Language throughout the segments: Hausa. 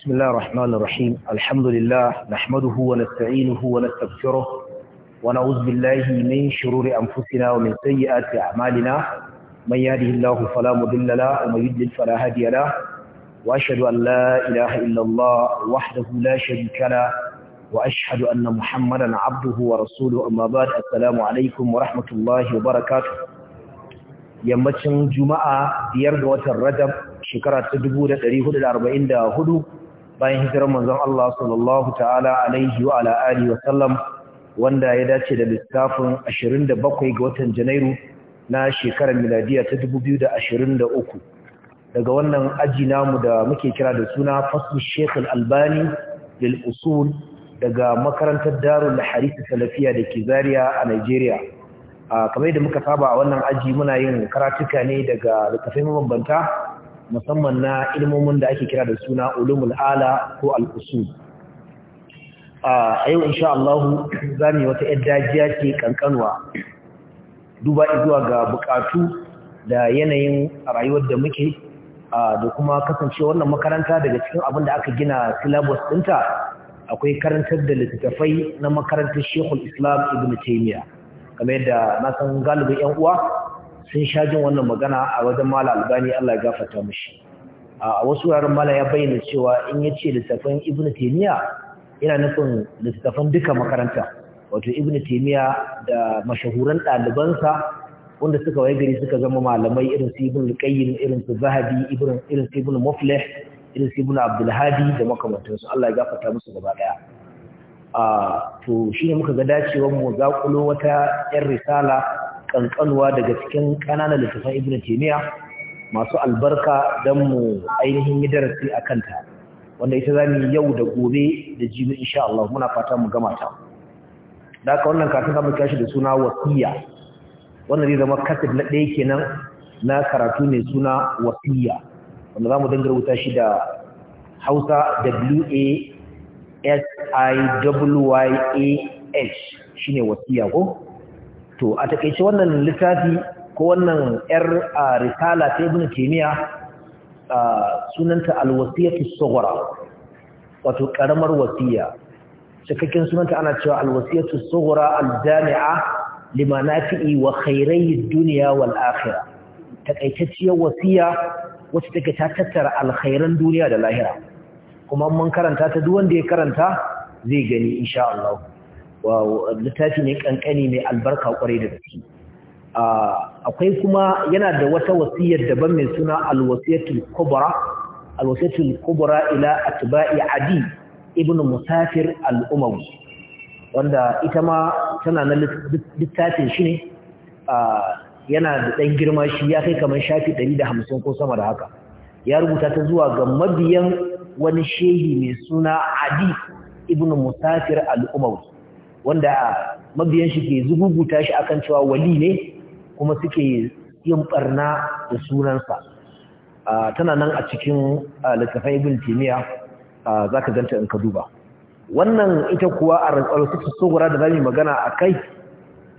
بسم الله الرحمن الرحيم الحمد لله نحمده ونستعينه ونستغفره ونعوذ بالله من شرور أنفسنا ومن سيئات أعمالنا من يهده الله فلا مضل له ومن يضلل فلا هادي له وأشهد أن لا إله إلا الله وحده لا شريك له وأشهد أن محمدا عبده ورسوله أما بعد السلام عليكم ورحمة الله وبركاته yammacin juma'a biyar ga watan rajab shekara ta 1444 bayan hijirar manzon Allah sallallahu ta'ala alaihi wa ala alihi wa sallam wanda ya dace da lissafin 27 ga watan Janairu na shekarar miladiya ta 2023 daga wannan aji namu da muke kira da suna Fasl Sheikh Al-Albani lil Usul daga makarantar Darul Harith Salafiya da ke Zariya a Nigeria kamar yadda muka saba a wannan aji muna yin karatuka ne daga littafai mabambanta musamman na ilmomin da ake kira da suna ulumul ala ko al-usul a yau insha Allah za mu wata yar dajiya ce kankanwa duba zuwa ga bukatu da yanayin rayuwar da muke da kuma kasance wannan makaranta daga cikin abin da aka gina syllabus ɗinta akwai karantar da littattafai na makarantar Sheikhul Islam Ibn Taymiyyah kamar yadda na san galibin 'yan uwa sun sha jin wannan magana a wajen mala albani Allah ya gafata mishi a wasu wuraren mala ya bayyana cewa in ya ce littafin ibn taymiya yana nufin littafin duka makaranta wato ibn taymiya da mashahuran ɗalibansa wanda suka waye gari suka zama malamai irin su ibn qayyim irin su zahabi irin irin su ibn muflih irin su ibn abdul hadi da makamantansu Allah ya gafata musu gaba daya a to shine muka ga dacewar mu zakulo wata yar risala kankanwa daga cikin ƙananan littafin ibn taymiya masu albarka don mu ainihin yi darasi a kanta wanda ita za yau da gobe da jibi insha Allah muna fata mu gama ta da ka wannan kafin za mu shi da suna wasiya wannan zai zama kasif na ɗaya kenan na karatu ne suna wasiya wanda zamu mu dinga rubuta shi da hausa w a s i w y a h shine wasiya ko to a takaice wannan littafi ko wannan yar risala ta ibn kimiya sunanta alwasiyatu sughra wato karamar wasiya cikakken sunanta ana cewa alwasiyatu sughra aljami'a lima nafi'i wa khairai dunya wal akhirah takaitacciyar wasiya wacce take ta tattara alkhairan duniya da lahira kuma mun karanta ta duk wanda ya karanta zai gani insha Allah littafi ne kankani mai albarka kwarai da gaske akwai kuma yana da wata wasiyar daban mai suna alwasiyatul kubra alwasiyatul kubra ila atba'i adi ibn musafir al-umawi wanda ita ma tana na littafin shi ne yana da ɗan girma shi ya kai kamar shafi 150 ko sama da haka ya rubuta ta zuwa ga mabiyan wani shehi mai suna adi ibn musafir al-umawi wanda mabiyan shi ke zugubuta shi akan cewa wali ne kuma suke yin barna da sunansa tana nan a cikin littafin ibn timiya za ganta in ka duba wannan ita kuwa a rantsarosu tsohura da zami magana a kai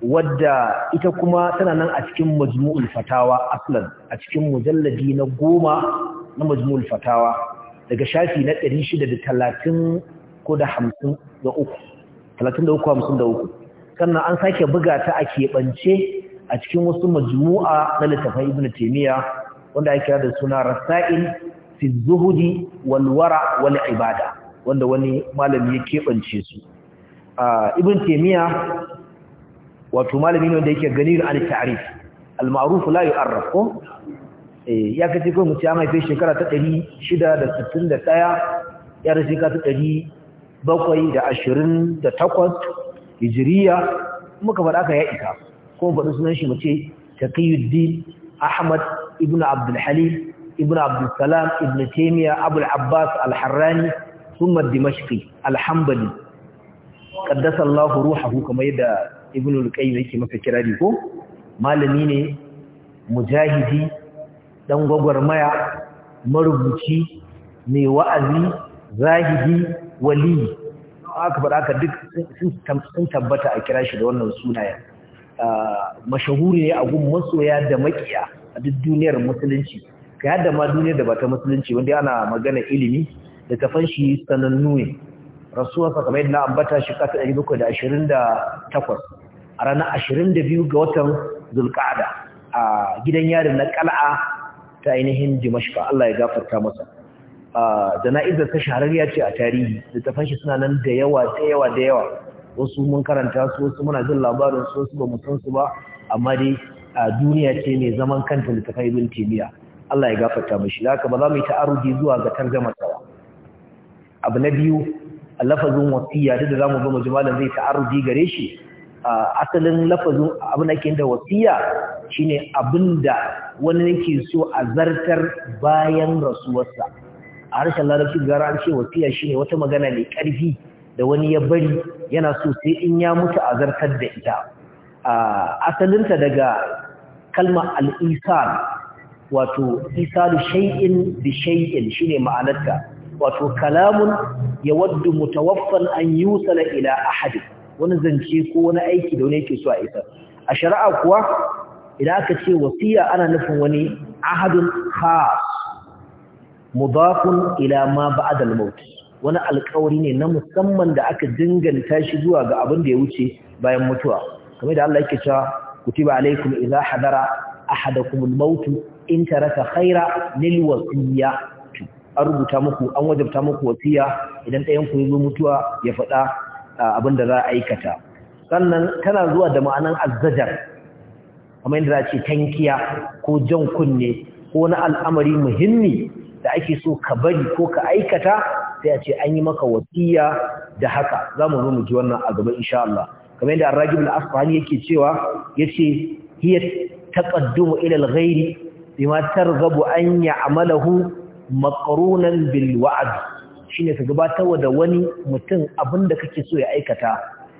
wadda ita kuma tana nan a cikin majmu'ul fatawa aslan a cikin mujalladi na goma na majmu'ul fatawa daga shafi na 630 ko da 53 uku 33 sannan an sake buga ta a keɓance a cikin wasu majmu'a na littafin ibn taymiya wanda ake da suna rasail fi zuhudi wal wara wal ibada wanda wani malami ya keɓance su ibn taymiya wato malami ne wanda yake ganir an ta'rif al ma'ruf la yu'arraf ko eh, ya kace ko mu ci amma shekara ta 661 ya rashin ka ta bakwai da ashirin da takwas hijiriya muka faɗa ka ya isa kuma faɗi sunan shi mace taqiyuddin ahmad ibn abdul halim ibn abdul salam ibn taymiya abul abbas al-harrani thumma dimashqi al-hanbali qaddasa allah kamar yadda ibn al-qayyim yake masa kirari ko malami ne mujahidi dan gwagwarmaya marubuci mai wa'azi zahidi wali aka faɗa haka duk sun tabbata a kira shi da wannan sunayen ah, mashahuri ne a gun masoya da makiya a duk duniyar musulunci ka yadda ma duniyar da ba ta musulunci wanda ana magana ilimi da ta fanshi sanannu ne rasuwa yadda na ambata shi kasa ɗari bakwai da ashirin da takwas a ranar ashirin da biyu ga watan zulƙada a gidan yarin na ƙala'a ta ainihin dimashka Allah ya gafarta masa jana'izar ta shahararriya ce a tarihi littafan shi suna nan da yawa da yawa da yawa wasu mun karanta su wasu muna jin labarin su wasu ba mu san su ba amma dai a duniya ce mai zaman kanta littafai ibn timiya Allah ya gafarta mishi haka ba za mu yi ta'arudi zuwa ga tarjumar sa abu na biyu lafazin wasiya duk da zamu ji mujmalan zai ta'arudi gare shi asalin lafazin abin da ke da wasiya shine abinda wani yake so a zartar bayan rasuwarsa a harshen larabci gara an ce wasiya shine wata magana mai ƙarfi da wani ya bari yana so sai in ya mutu a zartar da ita asalinta daga kalmar al'isal wato shai'in shay'in shai'in shay'in shine ma'anarta wato kalamun yawaddu mutawaffan an yusala ila ahad wani zance ko wani aiki da wani yake so a isa a shari'a kuwa idan aka ce wasiya ana nufin wani ahadin khas mudafun ila ma ba'da maut wani alƙawari ne na musamman da aka dinganta shi zuwa ga abin da ya wuce bayan mutuwa kamar da Allah yake cewa kutiba alaikum idha hadara ahadukum almaut in taraka khaira lil wasiya an rubuta muku an wajabta muku wasiya idan ɗayan ku yazo mutuwa ya faɗa abin da za a aikata sannan tana zuwa da ma'anan azzajar kamar yadda za a ce tankiya ko jan kunne ko na al'amari muhimmi da ake so ka bari ko ka aikata sai a ce an yi maka wasiya da haka za mu zo mu ji wannan a gaba insha Allah kamar yadda Ar-Ragib al-Asfahani yake cewa yace hiya taqaddumu ila al-ghairi bima targhabu an ya'malahu maqrunan bil wa'd shine ka gabatar da wani mutum abinda kake so ya aikata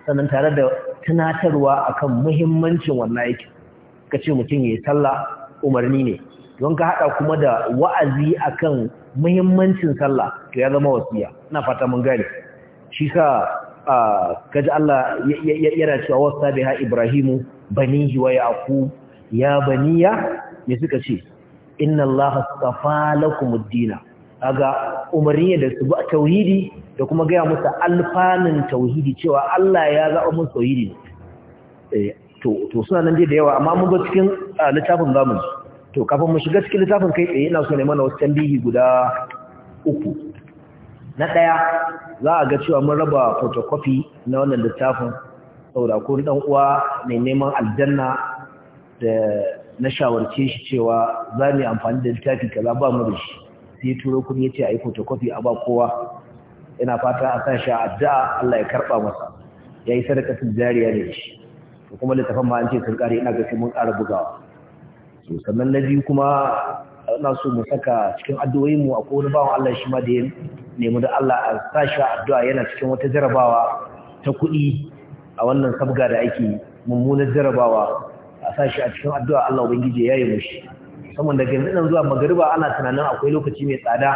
sannan tare da tunatarwa akan muhimmancin wannan aikin kace mutum yayi sallah umarni ne don ka haɗa kuma da wa'azi a kan muhimmancin sallah to ya zama wasiya na fata mun gani. shi sa kaji Allah yana cewa wasa ha Ibrahimu banihi wa yaqub ya baniya ne suka ce inna Allah astafa lakum dina kaga umarni da su ba tauhidi da kuma gaya musu alfanin tauhidi cewa Allah ya zaɓa musu tauhidi eh, to suna nan dai da yawa amma mun ga cikin littafin zamu to kafin mu shiga cikin littafin kai tsaye ina so ne mana wasu tambihi guda uku na ɗaya za a ga cewa mun raba photocopy na wannan littafin saboda ko dan uwa mai neman aljanna da na shawarce shi cewa za mu amfani da littafi kaza ba mu da shi sai turo kun yace ayi photocopy a ba kowa ina fata a san shi addu'a Allah ya karba masa yayi sadaqatul jariya ne shi kuma littafin ma an ce sun kare ina ga mun ƙara bugawa so sannan na biyu kuma ana so mu saka cikin addu'o'in mu a wani bawan Allah shi ma da ya nemi da Allah a sa shi addu'a yana cikin wata jarabawa ta kuɗi a wannan sabga da ake mummunar jarabawa a sa shi a cikin addu'a Allah ubangiji ya yi mushi saman daga nan zuwa magariba ana tunanin akwai lokaci mai tsada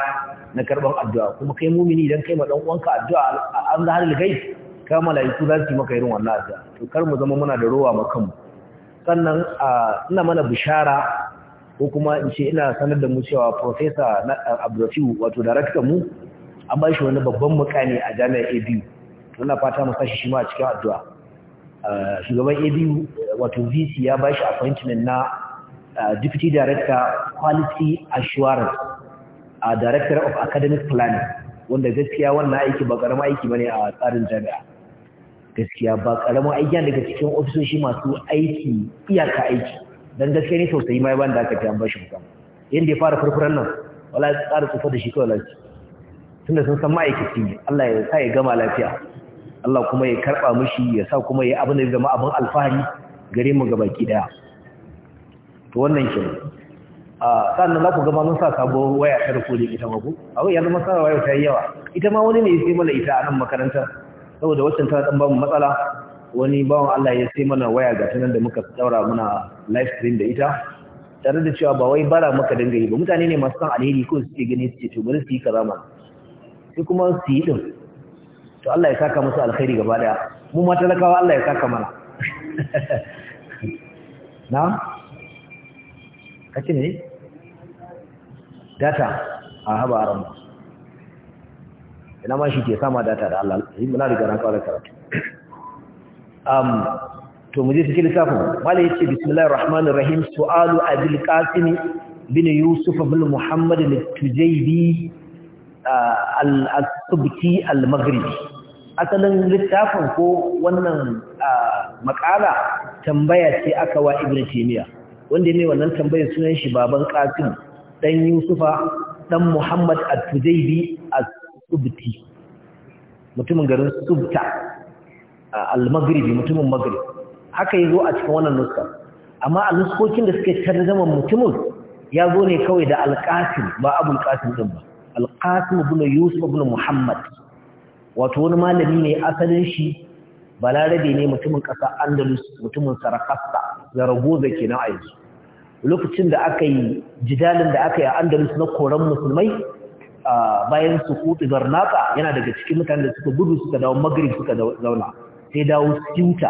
na karban addu'a kuma kai mumini idan kai ma dan uwanka addu'a an zahar ligai ka mala'iku za su yi maka irin wannan addu'a to kar mu zama muna da rowa mu kanmu sannan a ina mana bishara ko kuma in ce ina sanar da mu cewa professor Abdurrafiu wato director mu an ba shi wani babban mukami a jami'ar ABU wanda fata mu sashi shi ma a cikin addu'a shugaban ABU wato VC ya ba shi appointment na deputy director quality assurance a director of academic planning wanda gaskiya wannan aiki ba karama aiki bane a tsarin jami'a gaskiya ba karamin aikin daga cikin ofisoshi masu aiki iyaka aiki Don gaskiya ne sosai mai ban da aka ta ambashi mutum yadda ya fara furfuran nan wala ya tsara tsofa da shi kawai lafi tunda sun san ma'aikaci ne Allah ya sa ya gama lafiya Allah kuma ya karba mishi ya sa kuma ya abin da ya zama abin alfahari gare mu ga baki daya to wannan ke a sannan za ku gama mun sa sabo waya ta rufe ita ma ku a ya yanzu sa waya ta yi yawa ita ma wani ne ya sai mana ita a nan makarantar saboda waccan ta dan bamu matsala wani bawan Allah ya sai mana waya ga tunan da muka daura muna live stream da ita tare da cewa ba wai bara muka dinga yi ba mutane ne masu san alheri ko suke gani ce to bari su yi karama, sai kuma su yi din to Allah ya saka musu alkhairi gaba daya mu ma talakawa Allah ya saka mana na kace ne data a haba aramu ina ma shi ke sama data da Allah shi muna riga ran kawai karatu um to mu je cikin littafin mala yace bismillahir rahmanir rahim su'alu abil qasim bin yusuf bin muhammad al-tujaybi ah, al al-maghribi asalin littafin ko wannan ah, makala tambaya ce aka wa ibnu taymiya wanda ne wannan tambayar sunan shi baban qasim dan yusufa dan muhammad al-tujaybi subti mutumin garin subta al-maghribi mutumin maghrib haka yazo a cikin wannan nuska amma a nuskokin da suke zaman mutumin ya zo ne kawai da al-qasim ba abul qasim din ba al-qasim ibn yusuf ibn muhammad wato wani malami ne asalin shi balarabe ne mutumin ƙasar andalus mutumin sarakasta zaragoza kenan a yanzu lokacin da aka yi jidalin da aka yi a andalus na koran musulmai bayan su kuɗi zarnaka yana daga cikin mutane da suka gudu suka dawo magrib suka zauna sai dawo siuta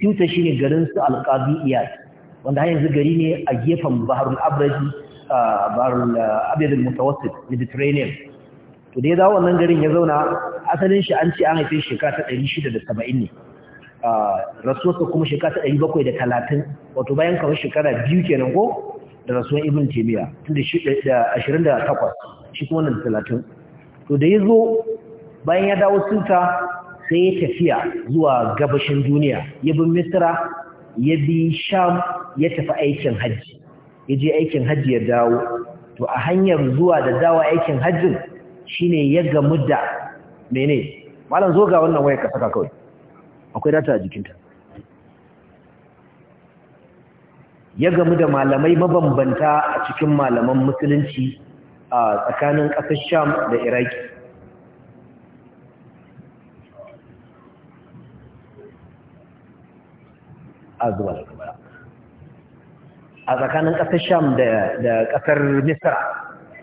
siuta ne garin su iyas wanda har yanzu gari ne a gefen baharul abraji baharun abirin mutawassit mediterranean to da ya dawo wannan garin ya zauna asalin shi an ce an haife shekara ta 670 ne rasuwarsa kuma shekara ta 730 wato bayan kawai shekara biyu kenan ko da rasuwar ibn taymiya tun da 28 shi kuma nan talatin to da ya zo bayan ya dawo suta sai ya tafiya zuwa gabashin duniya ya bi misra ya bi sham ya tafi aikin hajji ya je aikin hajji ya dawo to a hanyar zuwa da dawo aikin hajjin shine ya gamu da mene malam zo ga wannan wayar ka saka kawai akwai data a jikinta ya gamu da malamai mabambanta a cikin malaman musulunci a tsakanin ƙasar sham da iraki a tsakanin ƙasar sham da ƙasar misra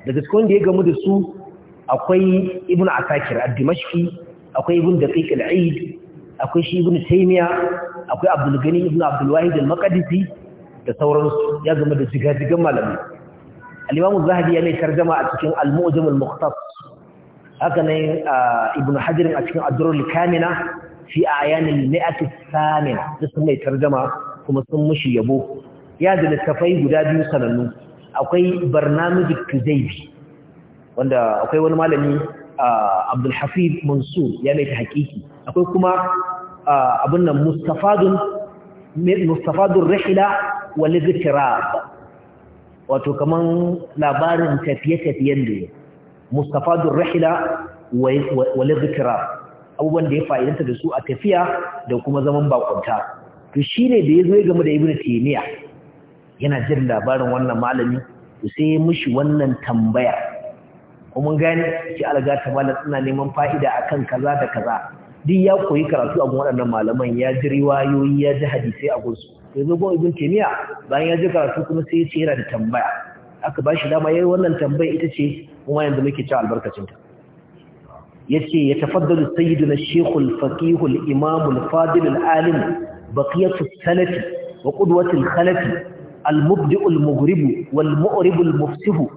da gaskon da ya gamu da su akwai ibn asakir a dimashki akwai ibn da ƙiƙil aid akwai shi ibn taimiya akwai abdulgani ibn abdulwahid al-makadisi da sauransu ya gama da jigajigan malamai الإمام الذهبي يعني ترجمة أتكلم المؤذم المختص هكذا يعني، آه، ابن حجر أتكلم الدرور الكامنة في أعيان المئة الثامنة لسما يترجمة كما سمش يبوه يعني التفاي قداد يوصل أنه أقوي برنامج كذيبي وأنا أقوي وأنا مالني آه، عبد الحفيد منصور يعني تحكيكي أقوي كما آه، أبنى مستفاد مستفاد الرحلة والذكرى wato kaman labarin tafiye-tafiyen da ya mustafadun rahila wale zikira abubuwan da ya fa'idanta da su a tafiya da kuma zaman bakunta to shi ne da ya zo ya game da ibn taimiyya yana jin labarin wannan malami to sai ya mushi wannan tambaya kuma gani ki alga ta malam ina neman fa'ida akan kaza da kaza duk ya koyi karatu a waɗannan malaman ya ji riwayoyi ya ji hadisai a gunsu to yanzu gun ibn taymiya bayan ya ji karatu kuma sai ya ce yana da tambaya aka ba shi dama yayin wannan tambaya ita ce kuma yanzu muke ci albarkacin ta yace ya tafaddalu sayyiduna shaykhul faqihul imamul fadilul alim baqiyatu salafi wa qudwatul khalafi al mubdi'ul mughrib wal mu'ribul mufsihu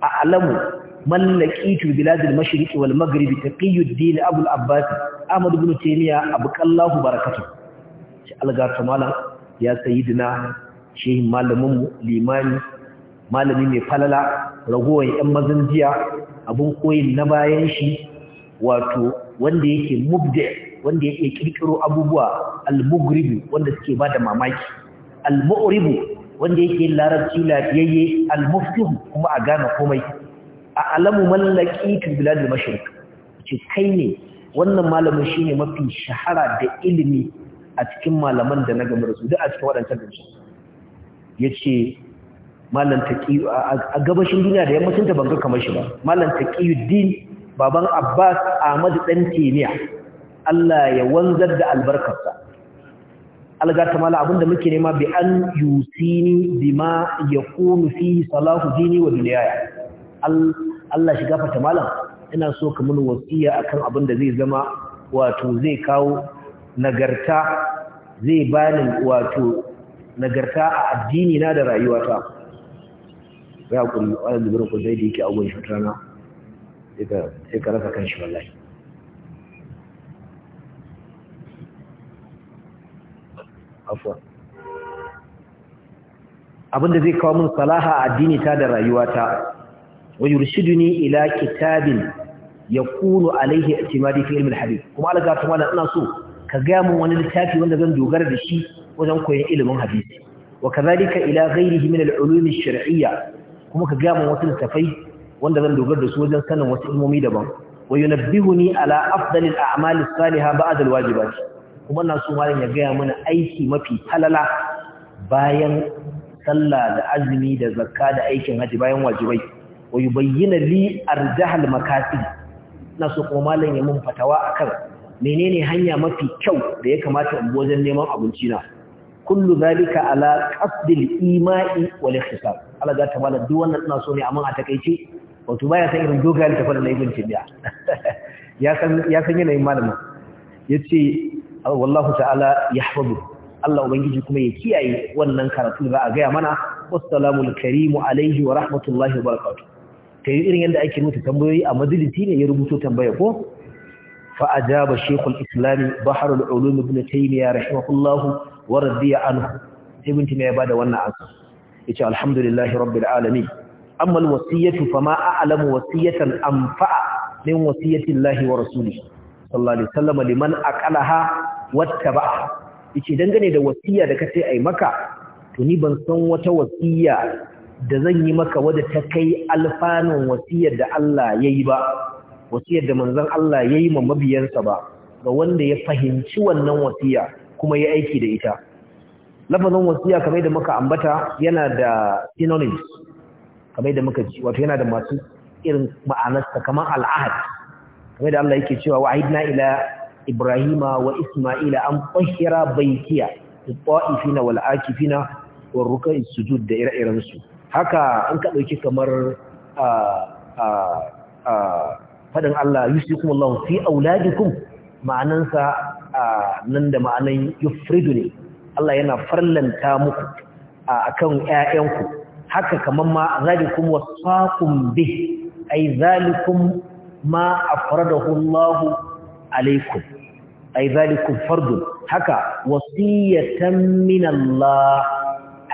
a'lamu mallakitu biladil mashriq wal maghrib taqiyuddin abul abbas ahmad ibn taymiya abqallahu barakatu shi algarta malam ya sayyidina shehin malamin mu limani malami mai falala ragowar yan mazan jiya abun koyin na bayan shi wato wanda yake mubda wanda yake kirkiro abubuwa al-mughribi wanda suke bada mamaki al-mu'ribu wanda yake larabci lafiyayye al-muftihu kuma a gane komai a alamu mallaki ta biladul mashriq ce kai ne wannan malamin shine mafi shahara da ilimi a cikin malaman da na gama da a cikin waɗancan dinsu yace ce taqi a gabashin duniya da yammacin ta banga kamar shi ba malam taqiyuddin baban Abbas Ahmad dan Timiya Allah ya wanzar da albarkarsa alga ta mala abinda muke nema bi an yusini bima yakunu fi salahu dini wa dunyaya Allah shi gafarta malam ina so ka mun wasiya akan abin da zai zama wato zai kawo nagarta zai bani wato nagarta a addini na da rayuwata ya kullu wannan da burin kudai da yake a gun shutana sai ka rasa kanshi wallahi afwa abinda zai kawo min salaha a addini ta da rayuwata wa yurshiduni ila kitabin ya alaihi i'timadi fi ilmi al-hadith kuma alga ta mana ina so ka ga mun wani littafi wanda zan dogara da shi wajen koyan ilimin hadisi wa kadhalika ila ghayrihi min al-ulum shariyya kuma ka ga mun wasu littafai wanda zan dogara da su wajen sanin wasu ilmomi daban wa ni ala afdal al-a'mal as-salihah ba'da al-wajibat kuma ina so malam ya gaya mana aiki mafi halala bayan sallah da azumi da zakka da aikin hajji bayan wajibai wa bayyana li arjahal makasi na so kuma malam ya mun fatawa akan menene hanya mafi kyau da ya kamata in wajen neman abinci na kullu zalika ala qasdil ima'i wal ihtisab Allah ya ta malam duk wannan ina so ne amma a takeice wato baya san irin dogayen tafiyar na ibn tibiya ya san ya san yanayin malamin yace wallahu ta'ala yahfazu Allah Ubangiji kuma ya kiyaye wannan karatu da za a gaya mana, Wassalamu alaihi wa rahmatullahi wa barakatuh. Ka yi irin yadda ake rubuta tambayoyi a majalisi ne ya rubuto tambaya ko fa ajaba islami islam bahr al ulum ibn taymiyyah rahimahullah wa radiya anhu ibn taymiyyah bada wannan ansa yace alhamdulillahi rabbil alamin amma al wasiyatu fama a'lamu wasiyatan anfa'a min wasiyati llahi wa rasulihi sallallahu alaihi wasallam liman aqalaha wattaba'a yace dangane da wasiya da kace ai maka to ni ban san wata wasiya da zan yi maka wadda ta kai alfanun wasiyar da Allah ya yi ba wasiyar da manzon Allah ya yi ma mabiyansa ba ga wanda ya fahimci wannan wasiya kuma ya aiki da ita lafazin wasiya kamar da muka ambata yana da synonyms kamar da muka ji wato yana da masu irin ma'anarsa kamar al'ahad kamar da Allah yake cewa wa'idna ila ibrahima wa isma'ila an fahira baitiya wal'akifina wa والركع السجود da ire-irensu haka an ka ɗauki kamar faɗin Allah yusikum Allah fi auladikum ma'anansa nan da ma'anan yufridu ne Allah yana farlanta muku akan ƴaƴanku haka kamar ma zalikum wasaqum bi ay zalikum ma afradahu Allah alaikum ay fardun haka wasiyatan min Allah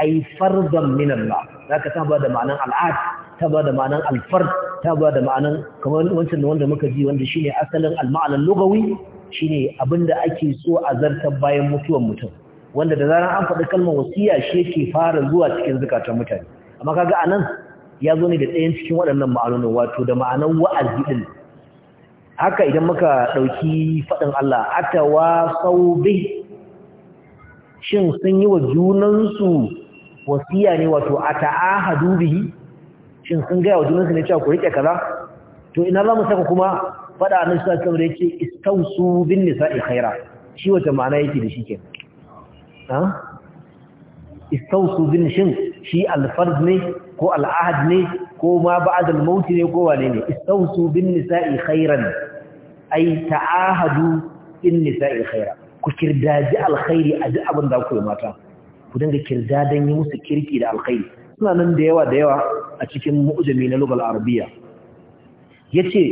ay fardan minan Allah zaka ta ba da ma'anan al'ad ta ba da ma'anan alfar ta ba ma'anan kamar wancan da wanda muka ji wanda shine asalin al-ma'anan lugawi shine abinda ake so a zartar bayan mutuwar mutum wanda da zaran an faɗi kalmar wasiya shi yake fara zuwa cikin zukatan mutane amma kaga anan ya zo ne da ɗayan cikin waɗannan ma'anonin wato da ma'anan wa'azi din haka idan muka ɗauki faɗin Allah atawa sau shin sun yi wa junansu wasiya ne wato a ta'ahadu bihi shin sun gaya wa junansu ne cewa ku rike kaza to ina za mu saka kuma faɗa annabi sallallahu alaihi wasallam da yake istausu bin nisa'i khaira shi wata ma'ana yake da shi ke ha istausu bin shin shi alfard ne ko al'ahad ne ko ma ba'd al-maut ne ko wane ne istausu bin nisa'i khairan ai ta'ahadu bin nisa'i khaira ku kirdaji alkhairi a duk abin da ku yi mata ku dinga kirda dan yi musu kirki da alkhairi suna nan da yawa da yawa a cikin mu'jami na lugal arabiya yace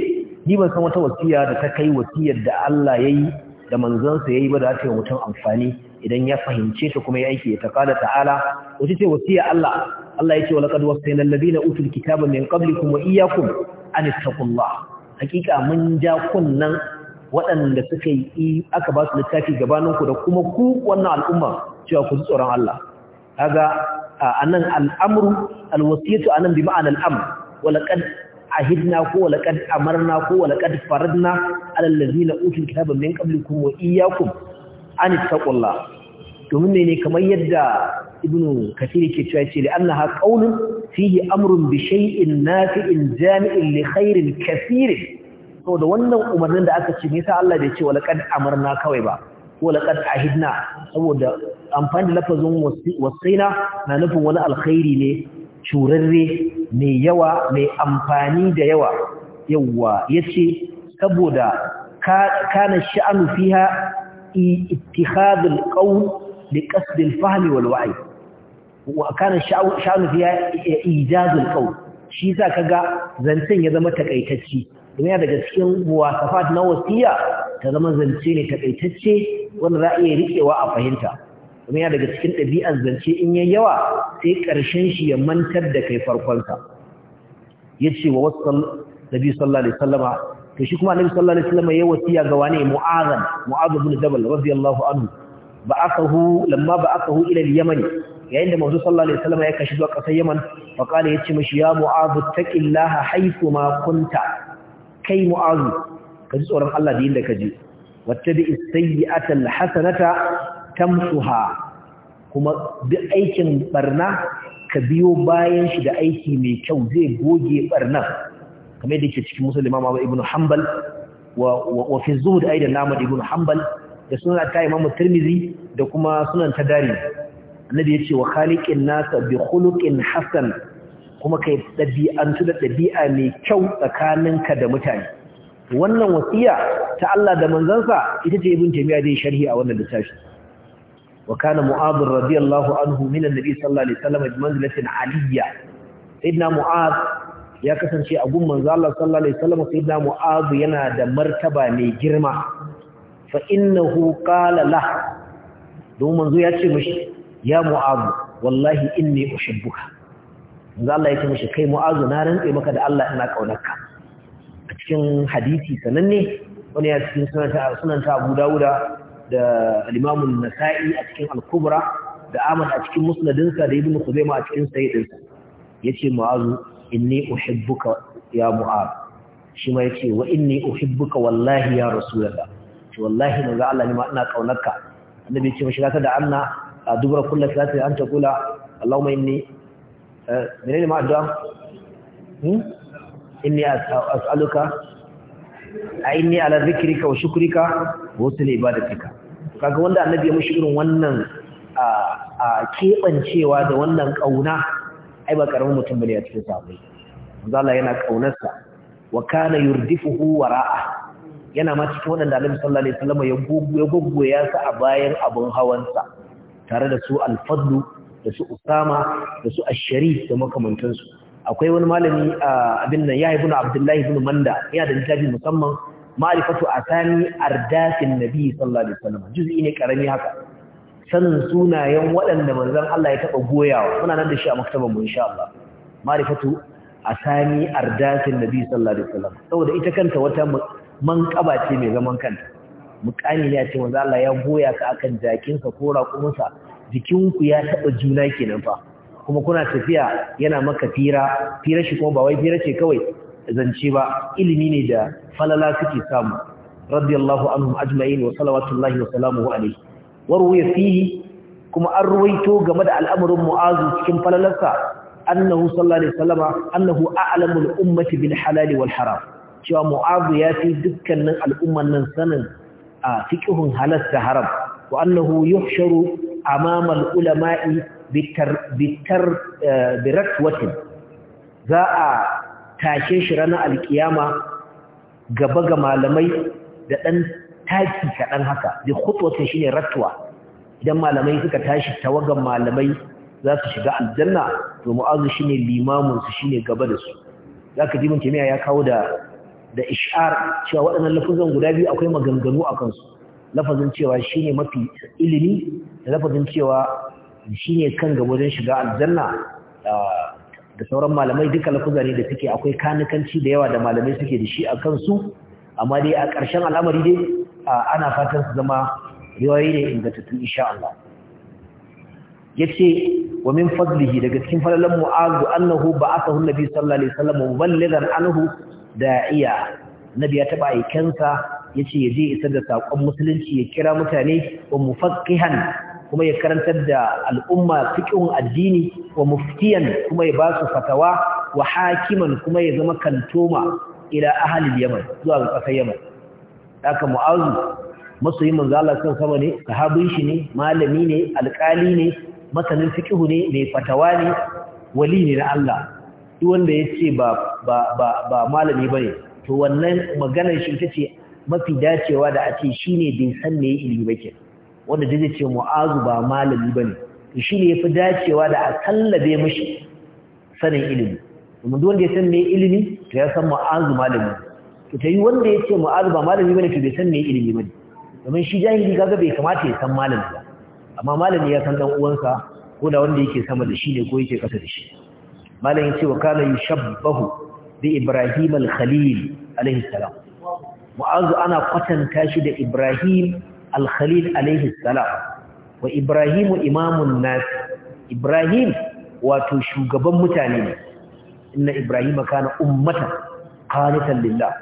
ni ban san wata wasiya da ta kai wasiyar da Allah yayi da manzansa yayi ba da ta yi mutum amfani idan ya fahimce ta kuma ya aiki ta kada ta'ala wace ce wasiya Allah Allah yace Sai wasayna na utul kitaba min qablikum kuma iyakun? an kulla. hakika mun ja kunnan waɗanda suka yi aka ba su littafi gabaninku da kuma ku wannan al'umma cewa ku ji tsoron Allah kaga nan al'amru alwasiyatu anan bi ma'ana al'amr wa laqad ahidna ko walaƙad amarna ko walaƙad laqad faradna ala allazina utul kitaba min qablikum wa iyyakum an domin ne kamar yadda ibnu kathir ke cewa ce annaha qawlun fihi amrun bi shay'in nafi'in jami'in li khairin kathirin da wannan umarnin da aka ce me yasa Allah bai ce walaƙad amarna kawai ba ko laqad ahidna saboda amfani da lafazin wasaina na nufin wani alkhairi ne curarre mai yawa mai amfani da yawa yawa ce saboda kana sha'anu fiha اتخاذ القول لقصد الفهم والوعي وكان شأن فيها إيجاز القول shi za ka ga zancen ya zama takaitacci Kuma yana daga cikin wasafat na wasiya ta zama zance ne takaitacce wanda za a iya riƙewa a fahimta kuma yana daga cikin ɗabi'ar zance in yayi yawa sai ƙarshen shi ya mantar da kai farkonsa ya ce wa wasu nabi sallallahu alaihi wasallama to shi kuma annabi sallallahu alaihi wasallama ya wasiya ga wani mu'azan mu'az ibn jabal radiyallahu anhu ba'athahu lamma ba'athahu ila al-yaman yayin da manzo sallallahu alaihi wasallama ya kashi zuwa ƙasar yaman fa qala yace mishi ya mu'az taqillaha haythu ma kunta kai mu'azu ka ji tsoron Allah da yadda ka je wata bi sayyi'ata alhasanata tamsuha kuma duk aikin barna ka biyo bayan shi da aiki mai kyau zai goge barna kamar yadda ke cikin musulma ma ibn hanbal wa fi zuhd ibn hanbal da sunan ta imamu tirmizi da kuma sunan tadari annabi yace wa khaliqin nas bi khuluqin hasan kuma ka yi ɗabi'antu da ɗabi'a mai kyau tsakaninka da mutane wannan wasiya ta Allah da manzansa ita ce ibn taymiya zai sharhi a wannan littafi wa kana mu'adh radiyallahu anhu min annabi sallallahu alaihi wasallam bi manzilatin aliyya sayyidina mu'adh ya kasance a gun manzo Allah sallallahu alaihi wasallam sayyidina mu'adh yana da martaba mai girma fa innahu qala lahu don manzo ya ce mishi ya mu'adh wallahi inni uhibbuka manzo Allah ce mishi kai mu'azu na rantse maka da Allah ina kaunarka a cikin hadisi sananne wani ya cikin sunanta Abu Dawuda da al-Imam nasai a cikin al-Kubra da Ahmad a cikin musnadinsa da Ibn Khuzaimah a cikin sahihinsa yace mu'azu inni uhibbuka ya mu'az shi ma yace wa inni uhibbuka wallahi ya rasulullah to wallahi manzo Allah ne ma ina kaunarka annabi yace mishi ka da anna dubra kullu salati an kula, Allahumma inni Eh, menene ma addu'a hmm? inni as'aluka a inni ala zikrika wa shukrika wa husnul ibadatika kaga wanda annabi ya mushi irin wannan a kebancewa da wannan kauna ai ba karamin mutum bane a cikin sahabbai manzo Allah yana sa wa kana yurdifuhu wara'a yana ma cikin wanda Annabi sallallahu alaihi wasallam ya gugu ya gugu ya sa a bayan abun hawansa tare da su al-fadlu da su Usama da su Ashari da makamantansu akwai wani malami abin nan Yahya ibn Abdullahi ibn Manda yana da littafin musamman ma'rifatu asani ardafin nabi sallallahu alaihi wasallam juz'i ne karami haka sanin sunayen waɗanda manzon Allah ya taba goyawa muna nan da shi a maktabar mu insha Allah ma'rifatu asani ardafin nabi sallallahu alaihi wasallam saboda ita kanta wata manƙaba ce mai zaman kanta mukani ne a ce manzo Allah ya goya ka akan jakinsa ko raƙuminsa jikinku ya taɓa juna kenan fa kuma kuna tafiya yana maka fira fira shi kuma ba wai fira ce kawai zance ba ilimi ne da falala suke samu radiyallahu anhum ajma'in wa salawatullahi wa salamuhu alayhi wa ruwiya fihi kuma an ruwaito game da al'amarin mu'azu cikin falalarsa annahu sallallahu alaihi wasallama annahu a'lamu al-ummati bil halal wal haram cewa mu'azu ya fi dukkanin al'umman nan sanin a fiqhun halal da haram wa annahu yuhsharu amamal ulama'i biratwatin za a tashe shi ranar alkiyama gaba ga malamai da ɗan taki kaɗan haka Dukkut hutotin shi ne ratwa idan malamai suka tashi tawagan malamai za su shiga aljanna to mu'azu shi ne limaminsu shi ne gaba dasu. su za ka ji mun kimiyya ya kawo da da ishar cewa waɗannan lafuzan guda biyu akwai maganganu a kansu lafazin cewa shine mafi ilimi da lafazin cewa shine kan gaba wajen shiga aljanna ah, da sauran malamai duka lafuza ne da suke akwai kanikanci da yawa da malamai suke da shi a kansu amma dai a ƙarshen al'amari dai ah, ana fatan su zama riwaye ne ingantattu insha Allah yace wa min fadlihi daga cikin falalan mu'azu annahu ba'athahu Nabi sallallahu alaihi wasallam muballighan anhu da'iya nabi ya taba aikensa yace ya je isar da sakon musulunci ya kira mutane wa mufaqihan kuma ya karantar da al'umma fiqhun addini wa muftiyan kuma ya ba su fatawa wa hakiman kuma ya zama kantoma ila ahli yaman zuwa ga kasar yaman haka mu'azu masoyin manzo Allah kan sama ne sahabin shi ne malami ne alƙali ne masanin fiqhu ne mai fatawa ne wali ne na Allah duk wanda yace ba ba ba malami bane to wannan maganar shi tace mafi dacewa da a ce shi ne bai san me ilimi ba ke wanda zai ce mu'azu ba malami ba ne. to ya fi dacewa da a kallabe mashi sanin ilimi domin duk wanda ya san me ilimi to ya san mu'azu malami to yi wanda ya ce mu'azu ba malami ba ne to bai san me ilimi ba ne. domin shi jahili kaga bai kamata ya san malami ba amma malami ya san dan uwansa ko da wanda yake sama da shi ne ko yake kasa da shi malami ya ce wa kana yushabbahu bi ibrahim al-khalil alaihi salam mu'azu ana kwatanta shi da ibrahim al-khalil alaihi salam wa ibrahimu imamun nas ibrahim wato shugaban mutane ne inna ibrahima kana ummatan qanitan lillah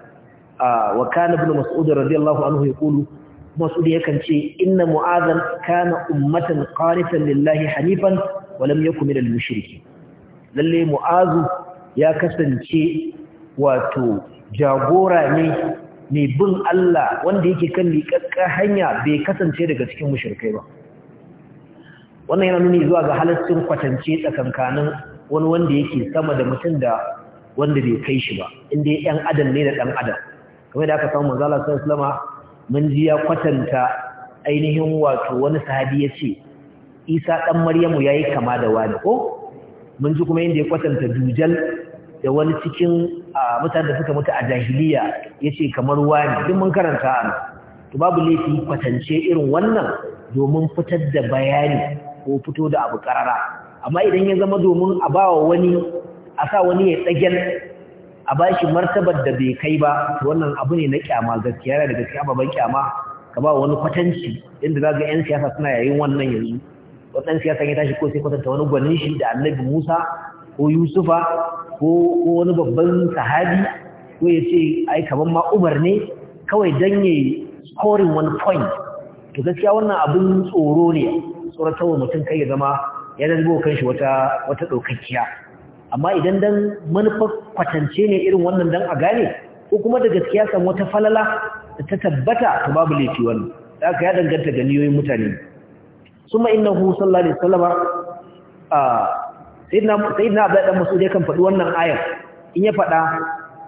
ah, wa kana ibn mas'ud radiyallahu anhu yaqulu mas'ud yakan ce inna mu'adhan kana ummatan qanitan lillahi hanifan wa lam yakun minal mushrikeen lalle mu'azu ya kasance wato jagora ne mai bin Allah wanda yake kan liƙaƙƙa hanya bai kasance daga cikin mushrikai ba wannan yana nuni zuwa ga halittun kwatance tsakankanin wani wanda yake sama da mutum da wanda bai kai shi ba inda yan adam ne da ɗan adam kamar da aka samu manzo sun islama mun ji ya kwatanta ainihin wato wani sahabi ya ce Isa ɗan Maryamu ya yi kama da wani ko mun ji kuma inda ya kwatanta dujal da wani cikin mutane da suka mutu a jahiliya ya ce kamar wani duk mun karanta ana to babu laifi kwatance irin wannan domin fitar da bayani ko fito da abu karara amma idan ya zama domin a bawa wani a sa wani ya tsagen a bashi martabar da bai kai ba to wannan abu ne na kyama gaskiya yana da gaskiya baban kyama ka ba wani kwatanci inda za ga 'yan siyasa suna yayin wannan yanzu wannan siyasa ya tashi ko sai kwatanta wani gwanin shi da annabi musa ko yusufa ko wani babban sahabi ko ya ce ai kaman ma umar ne kawai dan ya scoring wani point to gaskiya wannan abin tsoro ne tsoratawa mutum kai ya zama ya zango kan shi wata wata dokakkiya amma idan dan manufa kwatance ne irin wannan dan a gane ko kuma da gaskiya san wata falala da ta tabbata to babu laifi wannan haka ya danganta ga niyoyin mutane summa innahu sallallahu alaihi wasallama ah, sayyidina sayyidina ɗan dan Mas'ud kan faɗi wannan ayar in ya faɗa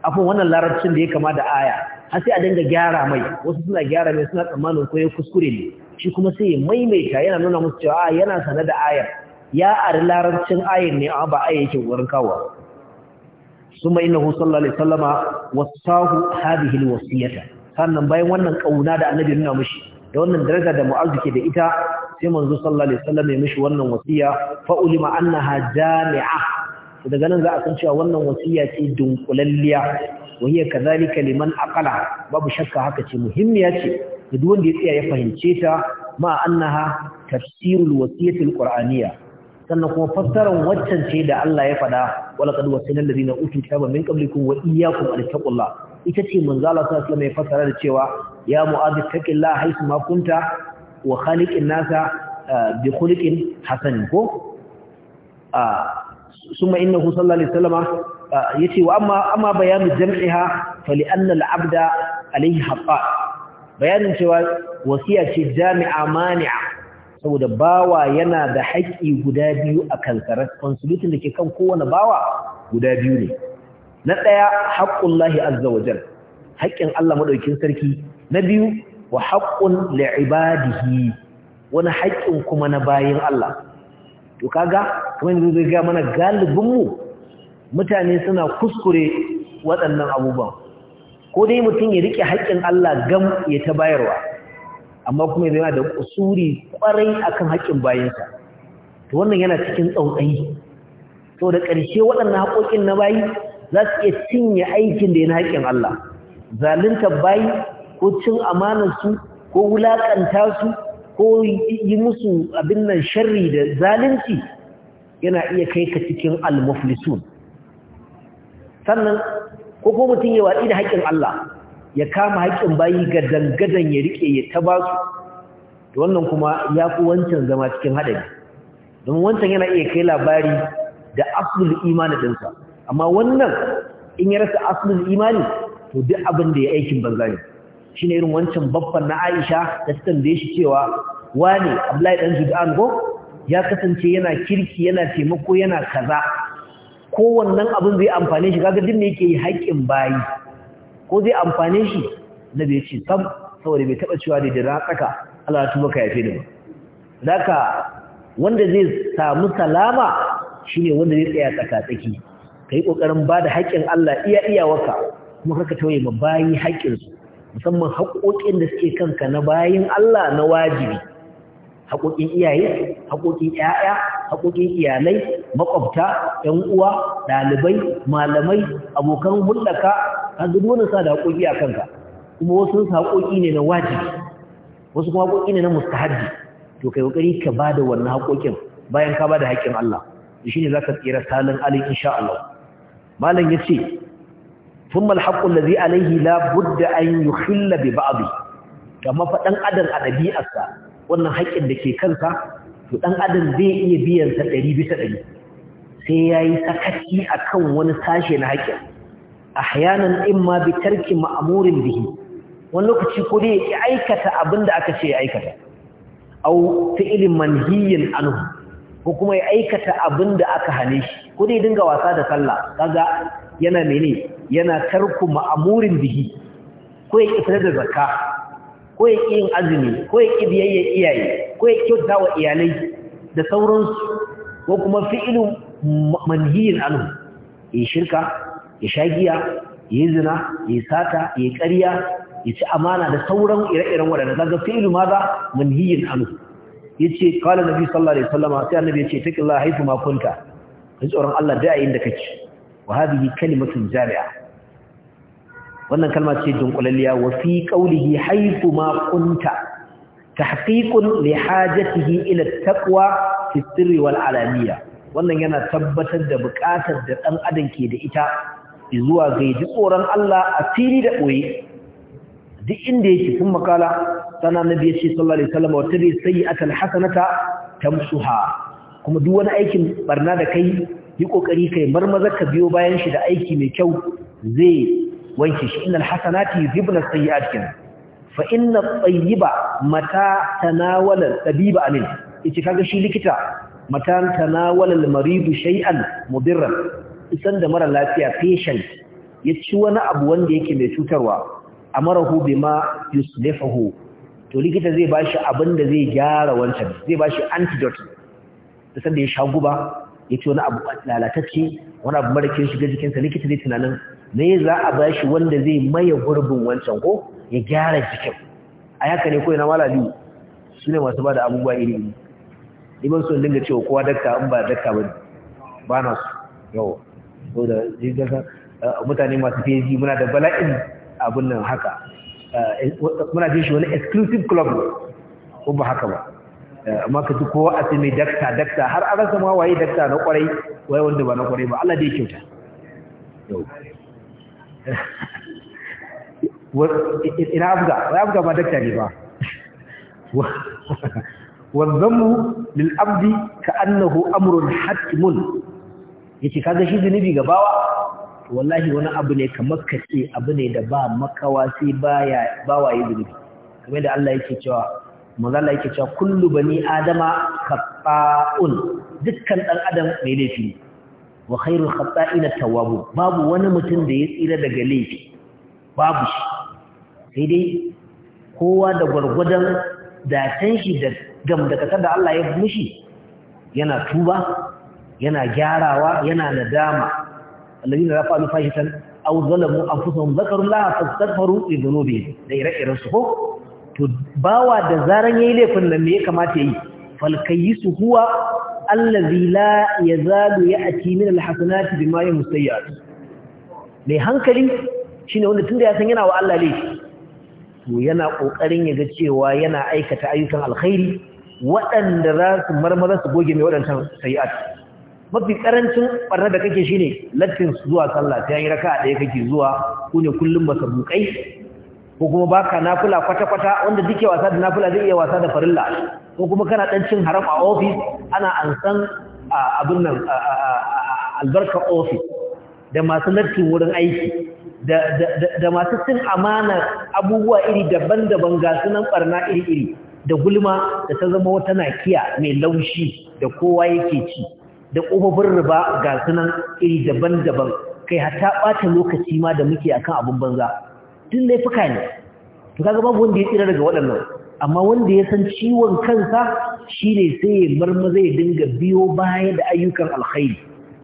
afin wannan larabcin da ya kama da aya har sai a dinga gyara mai wasu suna gyara mai suna tsammanin ko kuskure ne shi kuma sai ya maimaita yana nuna musu cewa a ah, yana sane da ayar ya ari larabcin ayar ne a ba aya yake wurin kawo ثم إنه صلى الله عليه وسلم وصاه هذه sannan bayan wannan kauna da annabi nuna mushi. da wannan daraja da mu'azu ke da ita sai manzo sallallahu alaihi wasallam ya mishi wannan wasiya fa ulima annaha jami'a daga nan za a san cewa wannan wasiya ce dunkulalliya wa hiya kadhalika liman aqala babu shakka haka ce muhimmiya ce da duk wanda ya tsaya ya fahimce ta ma annaha tafsirul wasiyatil qur'aniyya sannan kuma fassarar waccan ce da Allah ya faɗa wala qad wasina allazina utul kitaba min qablikum wa iyyakum an taqullah ita ce manzo Allah sallallahu ya fasara da cewa ya mu'adh taqillaha haythu ma kunta wa khaliqin nasa ah, bi khuliqin hasan ko ah, summa innahu sallallahu alaihi wasallam ah, yace wa amma amma bayanu jam'iha fa li anna abda alayhi haqqat bayanin cewa wasiya ce jami'a mani'a saboda bawa yana da haƙƙi guda biyu a kansa responsibility da ke kan kowane bawa guda biyu ne na ɗaya haƙƙullahi azza wa haƙƙin Allah madaukin sarki na biyu wa haƙƙun li'ibadihi wani haƙƙin kuma na bayin Allah to kaga kamar yanzu zai ga mana galibin mu mutane suna kuskure waɗannan abubuwan ko dai mutum ya rike haƙƙin Allah gam ya ta bayarwa amma kuma yana da kusuri kwarai akan haƙƙin bayinsa to wannan yana cikin tsautsayi to da ƙarshe waɗannan haƙoƙin na bayi za su iya cinye aikin da ya na haƙƙin Allah zalunta bayi ko cin amanarsu ko wulaƙanta su ko yi musu abin nan sharri da zalunci yana iya kai ka cikin almuflisun sannan ko ko mutum ya watsi da haƙƙin Allah ya kama haƙƙin bayi ga dangadan ya riƙe ya ta ba su wannan kuma ya fi wancan zama cikin haɗari don wancan yana iya kai labari da asul imanin ɗinsa amma wannan in ya rasa asalin imani to duk abin da ya aikin banza ne shine irin wancan babban na Aisha da ta tambaye shi cewa wani Abdullahi dan Judan go ya kasance yana kirki yana taimako yana kaza Ko wannan abin zai amfane shi kaga din ne yake yi haƙƙin bayi ko zai amfane shi da bai ce sam saboda bai taba cewa da dira tsaka Allah ya tuba ka yafe ni ba daka wanda zai samu salama shine wanda zai tsaya tsaka tsaki ka yi ƙoƙarin ba da haƙƙin Allah iya iyawarka kuma ta tauye ma bayi haƙƙinsu musamman haƙoƙin da suke kanka na bayin Allah na wajibi haƙoƙin iyaye haƙoƙin ƴaƴa haƙoƙin iyalai makwabta ƴan uwa ɗalibai malamai abokan hulɗaka ka duk wani sa da haƙoƙi a kanka kuma wasu haƙoƙi ne na wajibi wasu kuma haƙoƙi ne na mustahabbi to kai ƙoƙari ka ba da wannan haƙoƙin bayan ka ba da haƙƙin Allah shi ne za ka tsira salin alin insha Allah malam ce, thumma alhaqqu alladhi alayhi la labudda an yukhilla bi ba'dhi kamar fa ɗan adam a ɗabi'arsa wannan haƙƙin da ke kansa to ɗan adam zai iya biyan sa 100 bisa ɗari. sai yayi sakaci akan wani sashe na haƙin ahyanan imma bi tarki ma'amurin bihi wani lokaci ko dai ya aikata da aka ce ya aikata au fi'ilin manhiyin anhu ko kuma ya aikata abinda aka hane shi ko dai dinga wasa da sallah kaga yana mene yana tarku ma'amurin bihi ko ya isar da zakka ko ya yin azumi ko ya ki biyayya iyaye ko ya kyauta wa iyalai da sauransu ko kuma fi'ilu manhiyin anu yi shirka ya sha giya ya zina ya sata ya ƙarya ya ci amana da sauran ire-iren waɗanda kaga fi'ilu ma za manhiyin anhu yace qala nabi sallallahu alaihi wasallam sai annabi yace taqillaha haifu ma kunta in tsoron Allah da yayin da kake wa hadhihi kalimatun jami'a wannan kalmar ce dunkulalliya wa fi qawlihi haythu ma kunta tahqiqun li hajatihi ila taqwa fi wal alamiya. wannan yana tabbatar da buƙatar da ɗan adam ke da ita zuwa ga ji tsoron Allah a fili da boye duk inda yake kun makala sana nabi ya ce sallallahu alaihi wasallam wa tabi sayyi'atan hasanata tamsuha kuma duk wani aikin barna da kai yi kokari kai marmaza ka biyo bayan shi da aiki mai kyau zai wanke shi innal hasanati yuzibna sayyi'at kin fa inna tayyiba mata tanawala tabiba amin yace kaga shi likita mata tanawala al-marid shay'an mudirran isan da mara lafiya patient ya ci wani abu wanda yake mai cutarwa amarahu bima yuslifuhu to likita zai bashi abin da zai gyara wancan zai bashi antidote da sanda ya sha guba ya ce wani abu lalatacce wani abu mara kyau shiga jikinsa likita ne tunanin yi za a ba shi wanda zai maye gurbin wancan ko ya gyara jikin a yaka ne kawai na malami su ne masu ba da abubuwa iri iri Iban son dinga cewa kowa dakka in ba dakka ba ne ba na su yawa so da jirgin eh, mutane masu fezi muna da bala'in abin nan haka eh, muna jin shi wani exclusive club ko ba haka ba amma ka ji kowa a mai dakta dakta har an rasa ma waye dakta na kwarai waye wanda ba na kwarai ba Allah dai kyauta ina afga wai afga ma dakta ne ba wanzanmu lil'abdi ka annahu amrun hatimun yace kaga shi zunubi ga bawa wallahi wani abu ne kamar kace abu ne da ba makawa sai baya bawaye zunubi kamar da Allah yake cewa mazala yake cewa kullu bani adama khata'un dukkan dan adam mai laifi wa khairul khata'ina tawwabu babu wani mutum da ya tsira daga laifi babu shi sai dai kowa da gurgudan da shi da gam da kasar da Allah ya mushi yana tuba yana gyarawa yana nadama alladhina rafa'u fahishan aw zalamu anfusahum zakarullaha fastaghfiru li dhunubihim da ire-iren su ko to bawa da zaran yayi laifin nan me ya kamata yi falkayisu huwa allazi la yazalu ya'ti min alhasanati bima yumsayyat mai hankali shine wanda tunda ya san yana wa Allah laifi to yana kokarin ya ga cewa yana aikata ayyukan alkhairi waɗanda za su marmara su goge mai waɗancan sayi'at mafi karancin barna da kake shine lattin zuwa sallah sai yi raka'a ɗaya kake zuwa ku ne kullum masabukai ko kuma baka nafula kwata-kwata wanda duk wasa da nafila zai iya wasa da farilla ko kuma kana ɗan cin haram a ofis ana san abin nan albarka office da masu lartin wurin aiki da masu cin amana abubuwa iri daban-daban ga sunan barna iri-iri da gulma da ta zama wata nakiya mai laushi da kowa yake ci da ƙofofin riba ga sunan iri daban-daban kai hata ɓata lokaci ma da muke akan abin banza duk laifuka ne to kaga babu wanda ya tsira daga waɗannan amma wanda ya san ciwon kansa shine sai ya marmaza ya dinga biyo baya da ayyukan alkhairi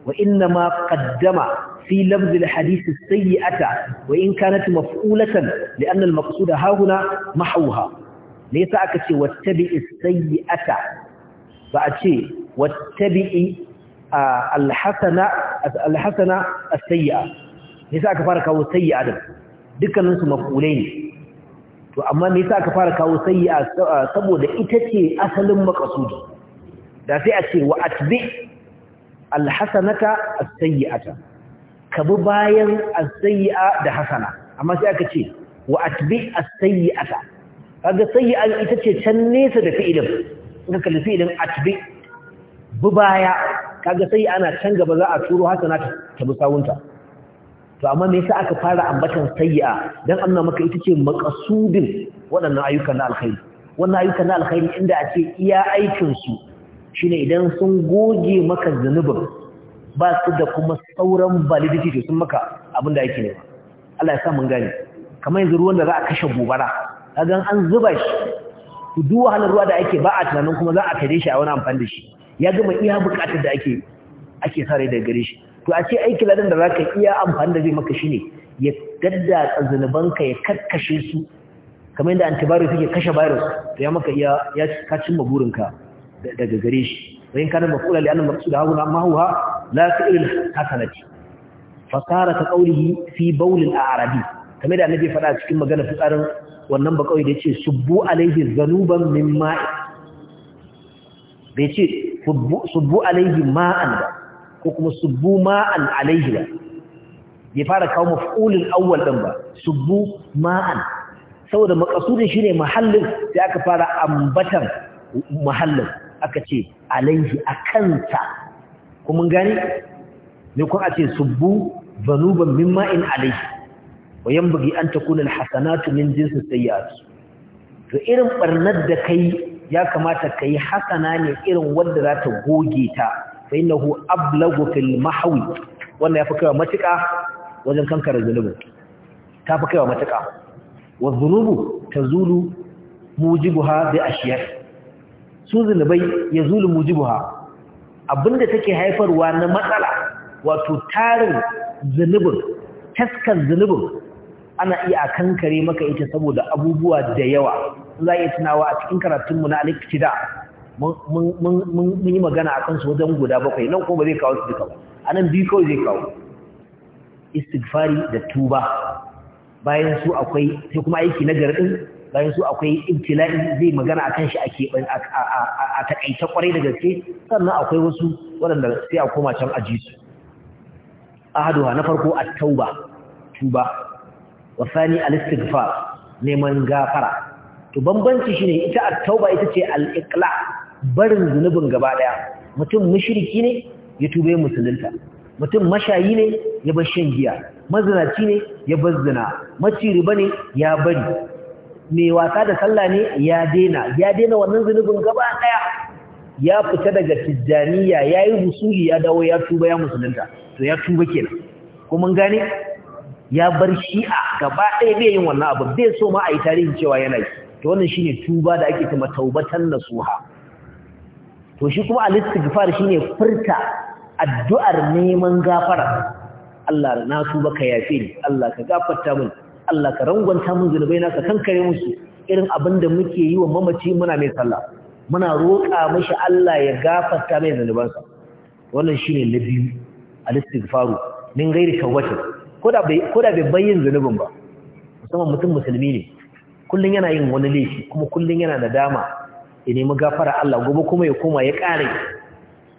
wa inna ma qaddama fi lafz alhadith as-sayyi'ata wa in kanat maf'ulatan li'anna al-maqsuda hahuna mahawha ne yasa aka ce wattabi as-sayyi'ata ba a ce wattabi al Alhasana as-sayyi'a ne yasa aka fara kawo sayyi'a dukkaninsu mafulai ne to amma me yasa aka fara kawo sayyi'a saboda ita ce asalin makasudi da sai a ce wa atbi alhasanata as-sayyi'ata kabi bayan as-sayyi'a da hasana amma sai aka ce wa atbi as-sayyi'ata kaga sayyi'a ita ce can nesa da fi'ilin kaga kalli fi'ilin atbi Bi baya kaga sai ana can gaba za a turo hasana ta bi sawunta to amma me yasa aka fara ambatan sayya dan Allah maka ita ce maqasudin waɗannan ayyukan na alkhairi wannan ayyukan na alkhairi inda a ce iya aikin su shine idan sun goge maka zanubin ba su da kuma sauran validity to sun maka abin da yake nema Allah ya sa mun gane kamar yanzu ruwan da za a kashe gobara kaga an zuba shi ku duwa halin ruwa da ake ba a tunanin kuma za a kare shi a wani amfani da shi ya gama iya bukatar da ake ake sare daga gare shi to a ce aiki ladan da zaka iya amfani da zai maka shine ya daddatsa ka ya kakkashe su kamar yadda antibiotics suke kashe virus to ya maka iya ya ka cimma burinka daga gare shi wa in kana mafula li anna maqsuda hawa ma huwa la ta'il hasanati fa sara ka qawlihi fi bawl al-a'rabi kamar da annabi faɗa cikin magana fitsarin wannan ba kawai da yace subbu alaihi zanuban min bai ce subbu alaihi ma'an ba ko kuma subbu ma'an alaihi ba bai fara kawo maf'ulin awwal din ba subbu ma'an saboda makasudin shine mahallin sai aka fara ambatan mahallin aka ce alaihi akanta kuma gani ne kun a ce subbu zanuban min ma'in alaihi wa yanbaghi an takuna alhasanatu min jinsi sayyi'at to irin barnar da kai ya kamata kai hasana ne irin wanda za ta goge ta fa innahu ablagu fil mahwi wannan yafi kaiwa matuƙa wajen kankara zunubin ta fi kaiwa matuƙa wa zunubu tazulu mujibuha bi ashiya su zunubai zulu mujibuha abinda take haifarwa na matsala wato tarin zunubin taskan zunubin ana iya kankare maka ita saboda abubuwa da yawa za a iya tunawa a cikin karatunmu na al da. mun yi magana a kansu wajen guda bakwai nan kuma zai kawo su duka ba a nan biyu kawai zai kawo istighfari da tuba bayan su akwai sai kuma aiki na garɗin bayan su akwai ibtila'i zai magana a kan shi a takaita kwarai da gaske sannan akwai wasu waɗanda sai a koma can aji su ahaduwa na farko a tauba tuba wasani al-istighfar neman gafara to bambanci shine ita at-tauba ita ce al barin zunubin gaba daya mutum mushriki ne ya tube musulunta mutum mashayi ne ya bar shan giya mazinaci ne ya bar zina maciri riba ne ya bari Me wasa da sallah ne ya dena ya dena wannan zunubin gaba daya ya fita daga tijjaniya ya yi ya dawo ya tuba ya musulunta to ya tuba kenan ko mun gane ya bar shi'a gaba ɗaya bai yin wannan abu bai so ma a yi tarihin cewa yana yi to wannan shine tuba da ake cewa taubatan nasuha to shi kuma al-istighfar shine furta addu'ar neman gafara Allah na tuba ka yafe ni Allah ka gafarta min Allah ka rangwanta min zunubai na ka kankare musu irin abin da muke yi wa mamaci muna mai sallah muna roƙa mishi Allah ya gafarta mai zunubansa wannan shine na biyu al-istighfaru min gairi tawbati koda bai koda bai bayyin zunubin ba musamman mutum musulmi ne kullun yana yin wani laifi kuma kullun yana nadama ya nemi gafara Allah gobe kuma ya koma ya ƙare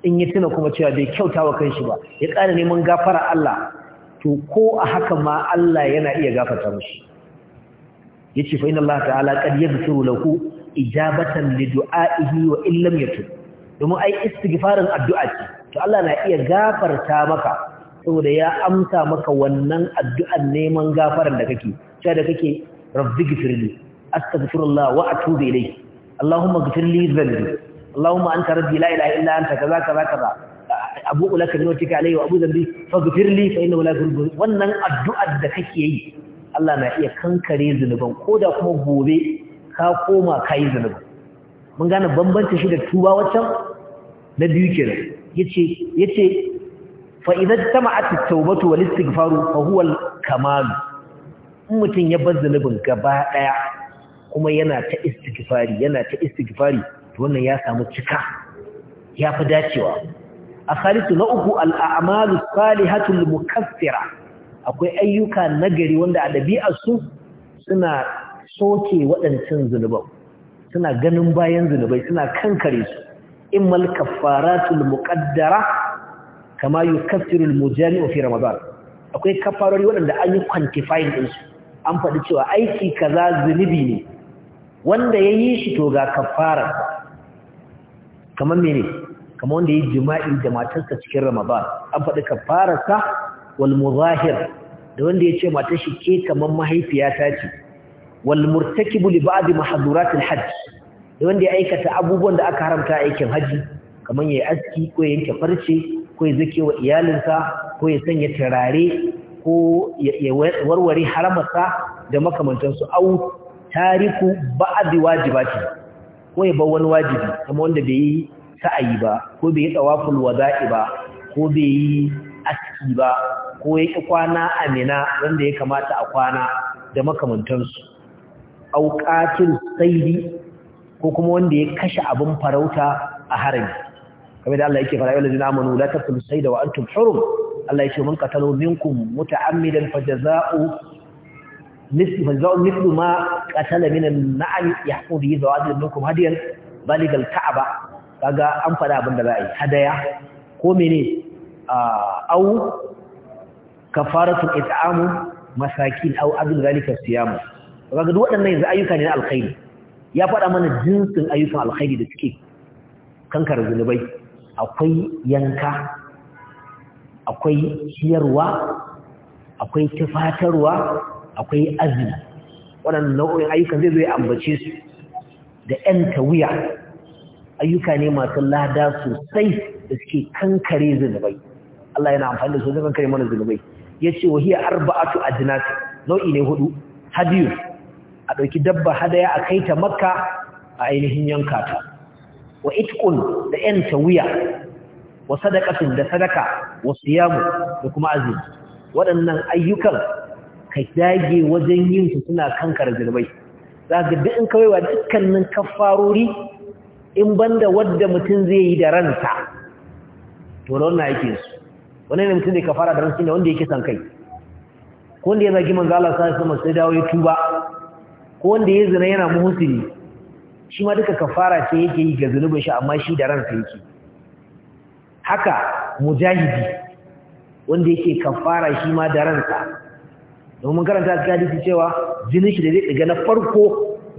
in ya tuna kuma cewa bai kyauta wa kanshi ba ya ƙara neman gafara Allah to ko a haka ma Allah yana iya gafarta mishi yace fa inna Allah ta'ala qad yaghfiru lahu ijabatan li ihi wa illam ya yatub domin ai istighfarin addu'a ce to Allah na iya gafarta maka saboda ya amsa maka wannan addu'an neman gafaran da kake cewa da kake rabbighfirli astaghfirullah wa atubu ilayhi Allahumma ghfir li Allahumma anta rabbi la ilaha illa anta kaza kaza kaza abu ulaka ni wacce alayhi wa abu dhanbi faghfir li fa innahu wannan addu'ar da kake yi Allah na iya kankare zunuban koda kuma gobe ka koma kai zunuban mun gane bambanta shi da tuba waccan na biyu kenan yace yace fa idan tama'at at-taubatu wal istighfaru fa huwa al-kamal in mutun ya bar zunubin gaba daya kuma yana ta istighfari yana ta istighfari to wannan ya samu cika ya fi dacewa a khalisu na uku al'amalu salihatul mukaffira akwai ayyuka nagari wanda a su suna soke waɗancan zunuban suna ganin bayan zunubai suna kankare su immal kaffaratul muqaddara kama yukaffiru al fi ramadan akwai kafarori waɗanda an yi quantifying din su an faɗi cewa aiki kaza zunubi ne wanda ya yi shi to ga kafara kamar mene kamar wanda ya jima'i da matarsa cikin ramadan an faɗi kafararsa wal muzahir da wanda ya ce matar shi ke kamar mahaifiyata ce wal murtakibu li ba'd mahduratil hajj da wanda ya aikata abubuwan da aka haramta aikin haji kamar yayi aski ko yanke farce ko ya zake wa iyalinsa ko ya sanya turare ko ya warware haramarsa da makamantansu au tariku ba'd wajibati ko ya bar wani wajibi kuma wanda bai yi sa'ayi ba ko bai yi tawaful wada'i ba ko bai yi aski ba ko ya ki kwana amina wanda ya kamata a kwana da makamantansu auqatil saidi ko kuma wanda ya kashe abin farauta a harami kamar da Allah yake fara yau lazina amanu la taqtulu sayda wa antum hurum Allah yake mun katalo minkum muta'ammidan fajaza'u مثل فالجزاء مثل ما قتل من النعم يحكم به زواج منكم هديا بلغ الكعبة kaga an fada abin da za a yi hadaya ko mene au kafaratu it'amu masakin au abin zalika siyamu kaga duk waɗannan yanzu ayyuka ne na alkhairi ya faɗa mana jinsin ayyukan alkhairi da suke kankar zunubai akwai yanka akwai ciyarwa akwai tufatarwa akwai azumi waɗannan nau'in ayyuka zai zo ya ambace su da ‘yan tawiya ayyuka ne masu lada sosai da suke kankare zunubai Allah yana amfani da su zai kankare mana zunubai ya ce wahiyar arba'atu adinat nau'i ne hudu hadiyu a ɗauki dabba hadaya a kai ta makka a ainihin yanka ta wa itkun da ‘yan tawiya wa sadakatun da sadaka wa siyamu da kuma azumi waɗannan ayyukan ka dage wajen yin su suna kankara zirbai za ka duk in wa dukkanin kafarori in banda wadda mutum zai yi da ransa to rauna yake su wani ne mutum zai kafara da ransa ne wanda yake san kai ko wanda ya zagi manzo Allah sai sama sai dawo ya tuba ko wanda ya zina yana muhusini shi ma duka kafara ce yake yi ga zunubin shi amma shi da ransa yake haka mujahidi wanda yake kafara shi ma da ransa domin karanta cikin hadisi cewa jinin shi da zai daga na farko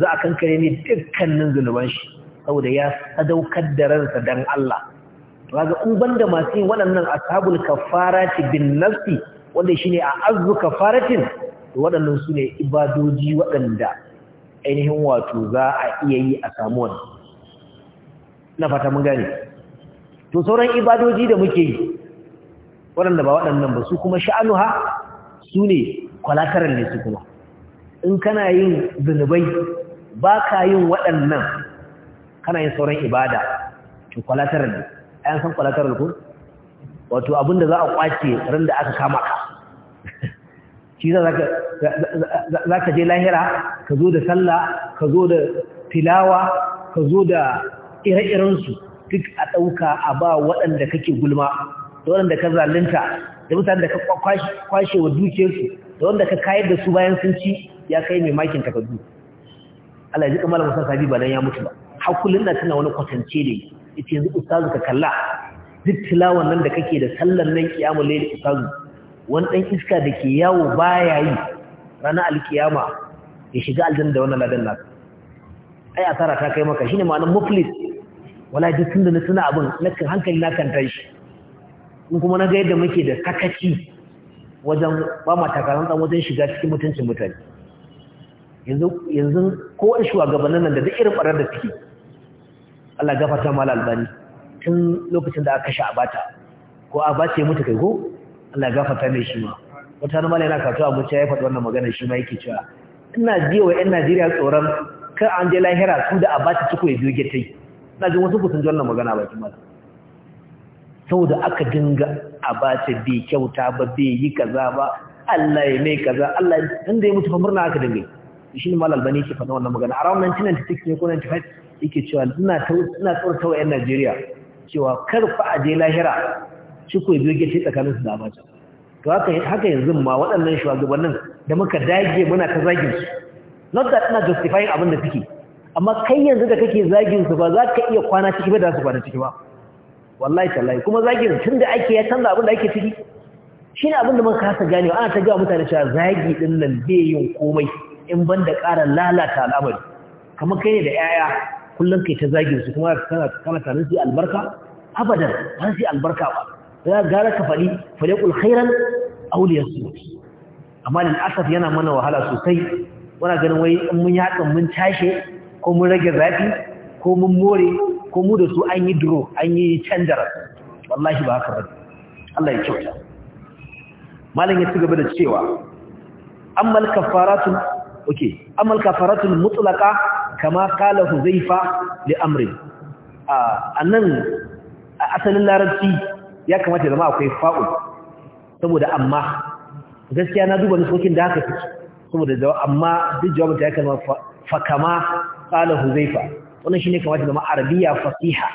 za a kankare ne dukkanin zunuban shi saboda ya sadaukar da ransa dan Allah kaga in banda masu yin waɗannan ashabul kafarati bin nafsi wanda shine a azzu kafaratin waɗannan su ne ibadoji waɗanda ainihin wato za a iya yi a samu wani na fata mun gane to sauran ibadoji da muke yi waɗanda ba waɗannan ba su kuma sha'anuha su ne kwalakarar ne su kuma in kana yin zunubai ba ka yin waɗannan kana yin sauran ibada to kwalakarar ne ayan san kwalakarar ku wato abinda za a kwace ran da aka kama ka shi za ka je lahira ka zo da sallah ka zo da filawa ka zo da ire-irensu duk a ɗauka a ba waɗanda kake gulma da waɗanda ka zalunta da mutane da ka kwashe wa dukiyarsu da wanda ka kayar da su bayan sun ci ya kai mai makin takardu Allah ya ji kamar musa sabi ba dan ya mutu ba hakulin na tana wani kwatance da yace yanzu ustazu ka kalla duk tilawan nan da kake da sallar nan kiyamul layl ustazu wani dan iska da ke yawo baya yi ranar alkiyama ya shiga aljanna da wannan ladan naka ai asara ta kai maka shine ma'anar muflis wala duk tunda na tuna abin na hankali na kan tashi in kuma na ga yadda muke da sakaci wajen ba ma takarar wajen shiga cikin mutuncin mutane yanzu ko shugabannin nan da duk irin barar da suke Allah gafarta mala albani tun lokacin da aka kashe abata ko abata ya mutu kai ko Allah gafarta mai shi ma wata na mala yana kato a mutu ya faɗi wannan magana shi ma yake cewa ina ji wa 'yan Najeriya tsoron kan an je lahira su da abata ciko ya biyo getai ina jin wasu kusan ji wannan magana bakin mala saboda aka dinga a ba ta bi kyauta ba bai yi kaza ba Allah ya mai kaza Allah inda ya mutu fa murna aka dinga shi ne mal albani ke fada wannan magana a ran 1996 ne ko 95 yake cewa ina ina tsorta wa 'yan Najeriya cewa kar fa a je lahira shi ko biyo ke tsakanin su da abaci to haka haka yanzu ma waɗannan shugabannin da muka dage muna ta zagin su not that ina justifying abin da suke amma kai yanzu da kake zagin su ba za ka iya kwana ciki ba da su kwana ciki ba wallahi tallahi kuma zagin tun da ake ya canza abin da ake ciki shi ne abin da mun kasa ganewa ana ta gawa mutane cewa zagi din nan bai yin komai in ban da ƙara lalata al'amari kamar kai ne da 'ya'ya kullum kai ta zagin su kuma kana tarin su albarka abadan ba su albarka ba ya gara ka faɗi faɗi khairan auliyar su amma lil asaf yana mana wahala sosai muna ganin wai in mun yakan mun tashi ko mun rage zafi ko mun more ko mu da su an yi duro an yi canjara wallahi ba haka ba Allah ya kyauta malam ya ci gaba da cewa ammal kafaratul okay ammal kafaratul mutlaqa kama qala huzaifa li amri anan asalin larabci ya kamata zama akwai fa'ul saboda amma gaskiya na duba nufokin da haka suke saboda amma duk jawabin ta ya kama fa kama qala huzaifa wannan shi ne kamata zama arabiya fasiha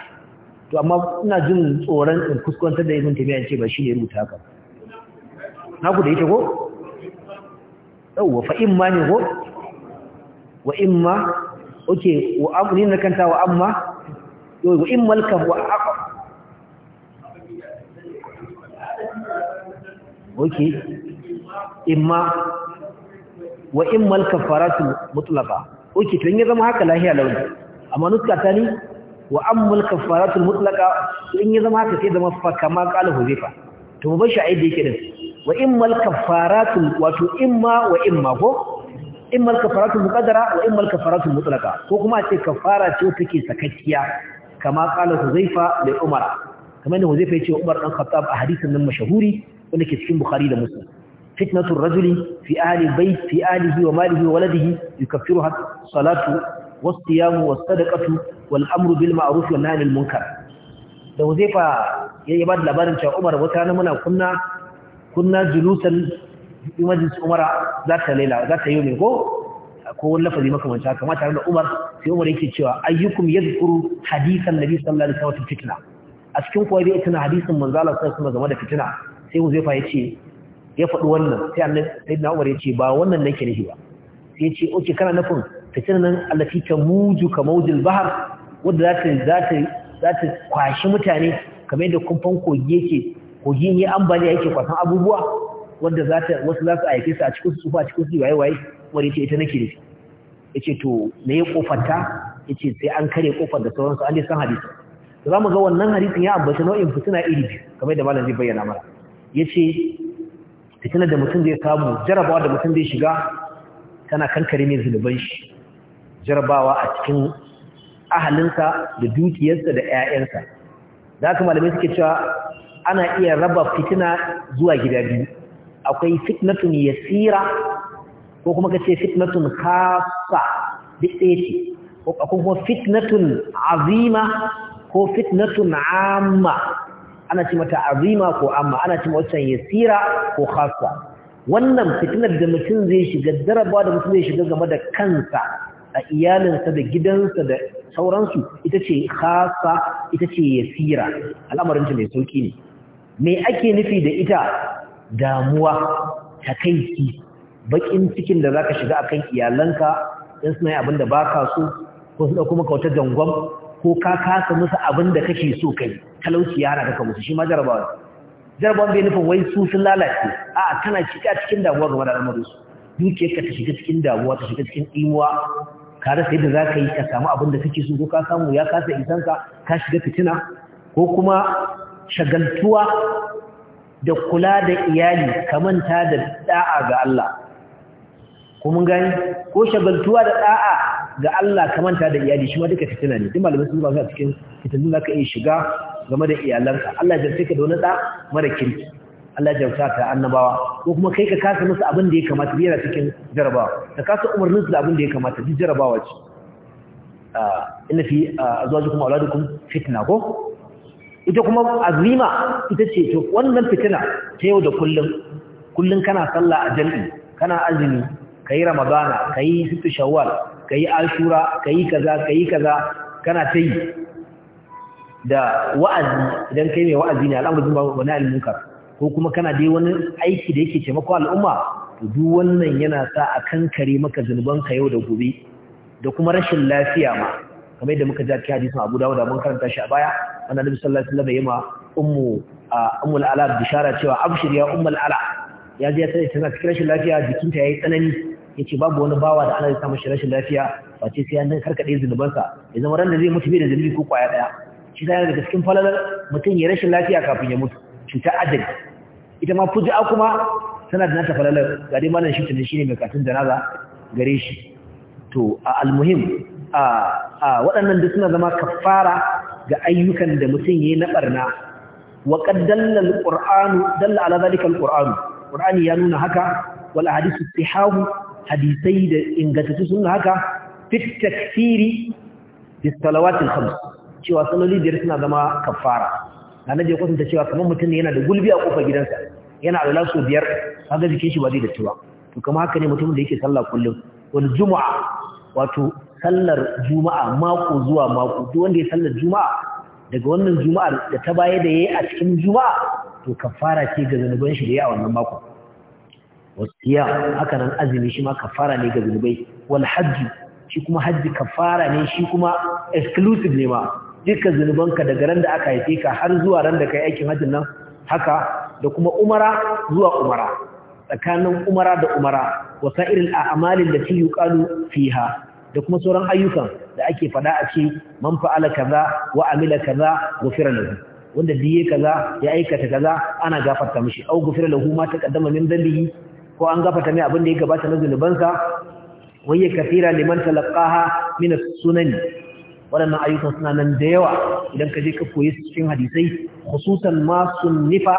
to amma ina jin tsoron in kuskwantar da ibn tabi'a ce ba ne rubuta haka na ku da ita ko yawwa fa’in ma ne ko wa imma oke wa amri na kanta wa amma yau wa in malka wa aqa oke ma wa imma alkafaratu mutlaqa oke to in ya zama haka lahiya launi amma nuska ta ni wa ammul kafaratul mutlaqa in ya zama haka sai zama fa kama qala huzaifa to mu bashi aidi yake din wa immal kafaratul wato imma wa imma ko immal kafaratul muqaddara wa immal kafaratul mutlaqa ko kuma ce kafara ce take sakakkiya kama qala huzaifa da umar kamar da huzaifa yace umar dan khattab a hadisin nan mashahuri wanda ke cikin bukhari da muslim fitnatul rajuli fi ahli bayt fi ahlihi wa malihi wa waladihi yukaffiruha salatu wasu was sadaqatu wal amru bil ma'ruf wa nahy anil munkar da Huzaifa yayi ba da labarin cewa Umar wata rana muna kunna kunna julusan majlis Umar za ta laila za ta yi ne ko ko wani lafazi makamancin haka mata da Umar sai Umar yake cewa ayyukum yadhkuru hadisan Nabi sallallahu alaihi wasallam fitna a cikin kowa dai ita hadisin manzo Allah sallallahu alaihi wasallam game da fitina sai Huzaifa yace ya faɗi wannan sai annabi sayyidina Umar yace ba wannan nake nufi ba sai yace oke kana nufin fitina nan fi ta muju ka maujil bahar wadda za ta kwashi mutane kamar yadda kumfan kogi yake kogi ne ambaliya yake kwasan abubuwa wadda za ta wasu za su aike su a cikin su a cikin su waye waye wani ce ita nake dace yace to me ya kofanta yace sai an kare kofar da sauransu an dai san hadisi to zamu ga wannan hadisin ya ambaci nau'in fitina iri biyu kamar yadda malam zai bayyana mana yace fitina da mutum zai samu jarabawa da mutum zai shiga tana kankare ne zunuban shi jarabawa a cikin ahalinsa da dukiyarsa da 'ya'yansa da ka malamai suke cewa ana iya raba fitina zuwa gida biyu akwai fitnatun yasira ko kuma ka ce fitnatun kafa duk ɗaya ce akwai kuma fitnatun azima ko fitnatun amma ana ce mata azima ko amma ana ce mata yasira ko kasa wannan fitinar da mutum zai shiga jarabawa da mutum zai shiga game da kansa a iyalinsa da gidansa da sauransu ita ce khasa ita ce yasira al'amarinta mai sauki ne me ake nufi da ita damuwa ta takaici bakin cikin da zaka shiga akan iyalanka in suna yi abin da baka so ko su kuma maka wata gangwan ko ka kasa musu abin da kake so kai talauci yana hana ka musu shi ma jarabawa jarabawa bai nufin wai su sun lalace a'a kana shiga cikin damuwa game da al'amarin su dukiyarka ta shiga cikin damuwa ta shiga cikin imuwa ka rasa yadda za ka yi ka samu abin da kake so ko ka samu ya kasa isanka ka ka shiga fitina ko kuma shagaltuwa da kula da iyali ka manta da da'a ga Allah ko mun gani ko shagaltuwa da da'a ga Allah ka manta da iyali shi ma duka fitina ne duk malamai sun ba su a cikin fitinun da ka iya shiga game da iyalanka Allah ya jarce ka da wani da mara kirki Allah ya jauta ta annabawa ko kuma kai ka kasa musu abin da ya kamata biyar cikin jarabawa ka kasa umarnin su da abin da ya kamata duk jarabawa ce ah, inna fi ah, azwajukum auladukum fitna ko ita kuma azima ita ce to wannan fitina ta yau da kullum kullum kana sallah a jami'i kana azumi kai ramadana kai sittu shawwal kai ashura kai kaza kai kaza kana ta yi da wa'azi idan kai mai wa'azi ne al'amarin ba wani munkar ko kuma kana dai wani aiki da yake taimako al'umma to duk wannan yana sa a kankare maka zunubanka yau da gobe da kuma rashin lafiya ma kamar yadda muka ji hadisin Abu Dawud mun karanta shi a baya annabi sallallahu alaihi wasallam ya ma ummu ummul ala bishara cewa abshir ya ummul ala ya ji sai tana cikin rashin lafiya jikinta yayi tsanani yace babu wani bawa da Allah ya sa mashi rashin lafiya face sai an karkade zunubansa ya zama ran da zai mutu bi da zunubi ko kwaya daya shi da daga cikin falalar mutum ya rashin lafiya kafin ya mutu cuta adadi ita ma fuji'a kuma tana da nata falalar ga dai malam shi ne mai katun janaza gare shi to a almuhim a waɗannan duk suna zama kafara ga ayyukan da mutum ya yi na barna wa qad dalla alqur'anu dalla ala zalika alqur'anu ya nuna haka wal ahadithu tihahu hadisai da ingantattu suna haka fi takfiri bi salawatil khams cewa saloli biyar suna zama kafara annabi ya kwatanta cewa kamar mutum ne yana da gulbi a kofar gidansa yana da lasu biyar kaga jikin shi ba zai datti ba to kamar haka ne mutumin da yake sallah kullum wal juma'a wato sallar juma'a mako zuwa mako duk wanda ya sallar juma'a daga wannan juma'a da ta baya da yayi a cikin juma'a to kafara ce ga zanuban shi da ya wannan mako wasiya haka nan azumi shi ma kafara ne ga zanubai wal hajji shi kuma hajji kafara ne shi kuma exclusive ne ma duka zunubanka daga ran da aka haife ka har zuwa ran da kai aikin hajjin nan haka da kuma umara zuwa umara tsakanin umara da umara wa sa'irin amalin da fi yuqalu fiha da kuma sauran ayyukan da ake fada a ce man fa'ala kaza wa amila kaza ghufira lahu wanda diye kaza ya aikata kaza ana gafarta mishi au ghufira lahu ma taqaddama min dhanbihi ko an gafarta mai abin da ya gabata na zunubansa wayya kathira liman talaqaha min as-sunan waɗannan ayyukan suna nan da yawa idan ka je ka koyi cikin hadisai khususan ma nifa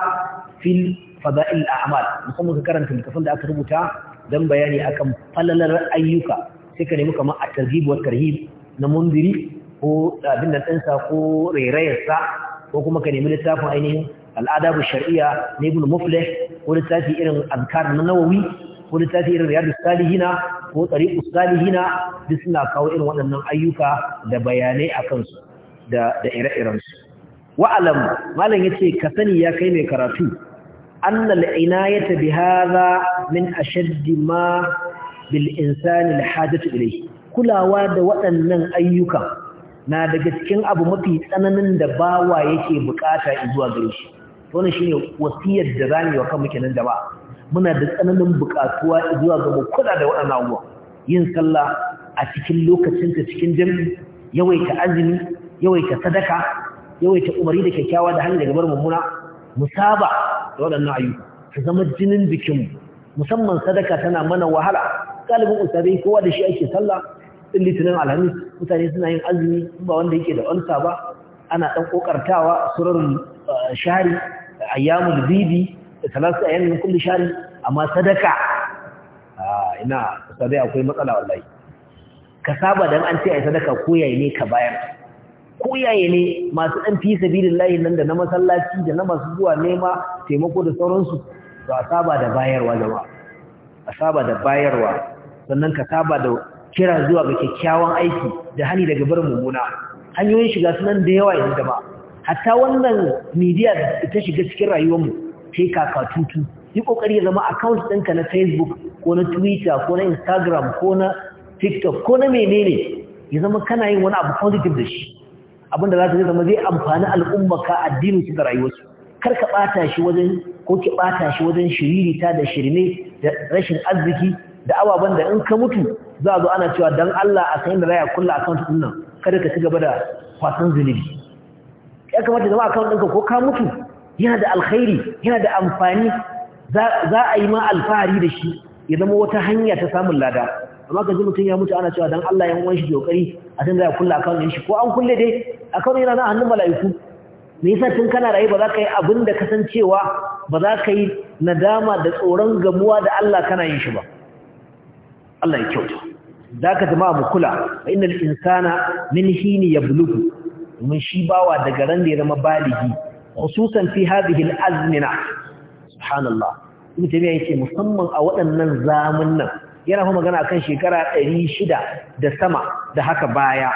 fil fada'il a'mal musamman ka karanta littafin da aka rubuta dan bayani akan falalar ayyuka sai ka nemi kamar a targhib wa tarhib na mundiri ko abin da ɗansa ko rairayarsa ko kuma ka nemi littafin ainihin al'adabu shar'iyya na ibn muflih ko littafi irin azkar na nawawi ko littafin irin riyadu salihina ko tsariku salihina duk suna kawo irin waɗannan ayyuka da bayanai a kansu da ire-irensu wa'alam malam ya ce ka sani ya kai mai karatu an ya bi haza min ashaddi ma bil insani hajatu ilai kulawa da waɗannan ayyuka na daga cikin abu mafi tsananin da bawa yake bukata zuwa gare shi to ne shine wasiyar da zamu yi wa kanmu kenan da ba muna da tsananin buƙatuwa zuwa ga kula da waɗannan abubuwa yin sallah a cikin lokacinta cikin jami'i yawaita azumi yawaita sadaka yawaita umari da kyakkyawa da hanyar gabar mummuna musaba da waɗannan ayyuka su zama jinin bikinmu musamman sadaka tana mana wahala galibin ustazai kowa da shi ake sallah din litinin alhamis mutane suna yin azumi ba wanda yake da ansa ba ana ɗan ƙoƙartawa surar eh, shari ayyamul bibi salatu a yanayin kulle shari amma sadaka a ina sadai akwai matsala wallahi ka saba don an ce ai sadaka ko ne ka bayan, ko ne masu ɗan fi layi nan da na masallaci da na masu zuwa nema taimako da sauransu to a saba da bayarwa zama a saba da bayarwa sannan ka saba da kira zuwa ga kyakkyawan aiki da hani daga bar mummuna hanyoyin shiga sunan da yawa yanzu jama'a hatta wannan media ta shiga cikin rayuwarmu Ka ka tutu yi kokari ya zama account ɗinka na facebook ko na twitter ko na instagram ko na tiktok ko na menene ya zama kana yin wani abu positive da shi abinda za ka zama zai amfani al'umma ka addini, su da rayuwarsu kar ka ɓata shi wajen ko ki ɓata shi wajen shiririta da shirme da rashin arziki da ababen da in ka mutu za a zo ana cewa don Allah a sayin da raya kulla account ɗin nan kada ka ci gaba da kwasan zunubi ya kamata zama account ɗinka ko ka mutu yana da alkhairi yana da amfani za a yi ma alfahari da shi ya zama wata hanya ta samun lada amma ka ji mutum ya mutu ana cewa dan Allah yan uwan shi kokari a san za kulle account shi ko an kulle dai akawun yana nan hannun mala'iku me yasa tun kana rayu ba za ka yi abin da kasancewa ba za ka yi nadama da tsoron gamuwa da Allah kana yin shi ba Allah ya kyauta za ka zama mu kula fa innal insana min hini yablugu mun shi bawa daga ran da ya zama baligi khususan fi hadhihi al-azmina subhanallah ibn tabiya yace musamman a waɗannan zamannan yana fa magana kan shekara 600 da sama da haka baya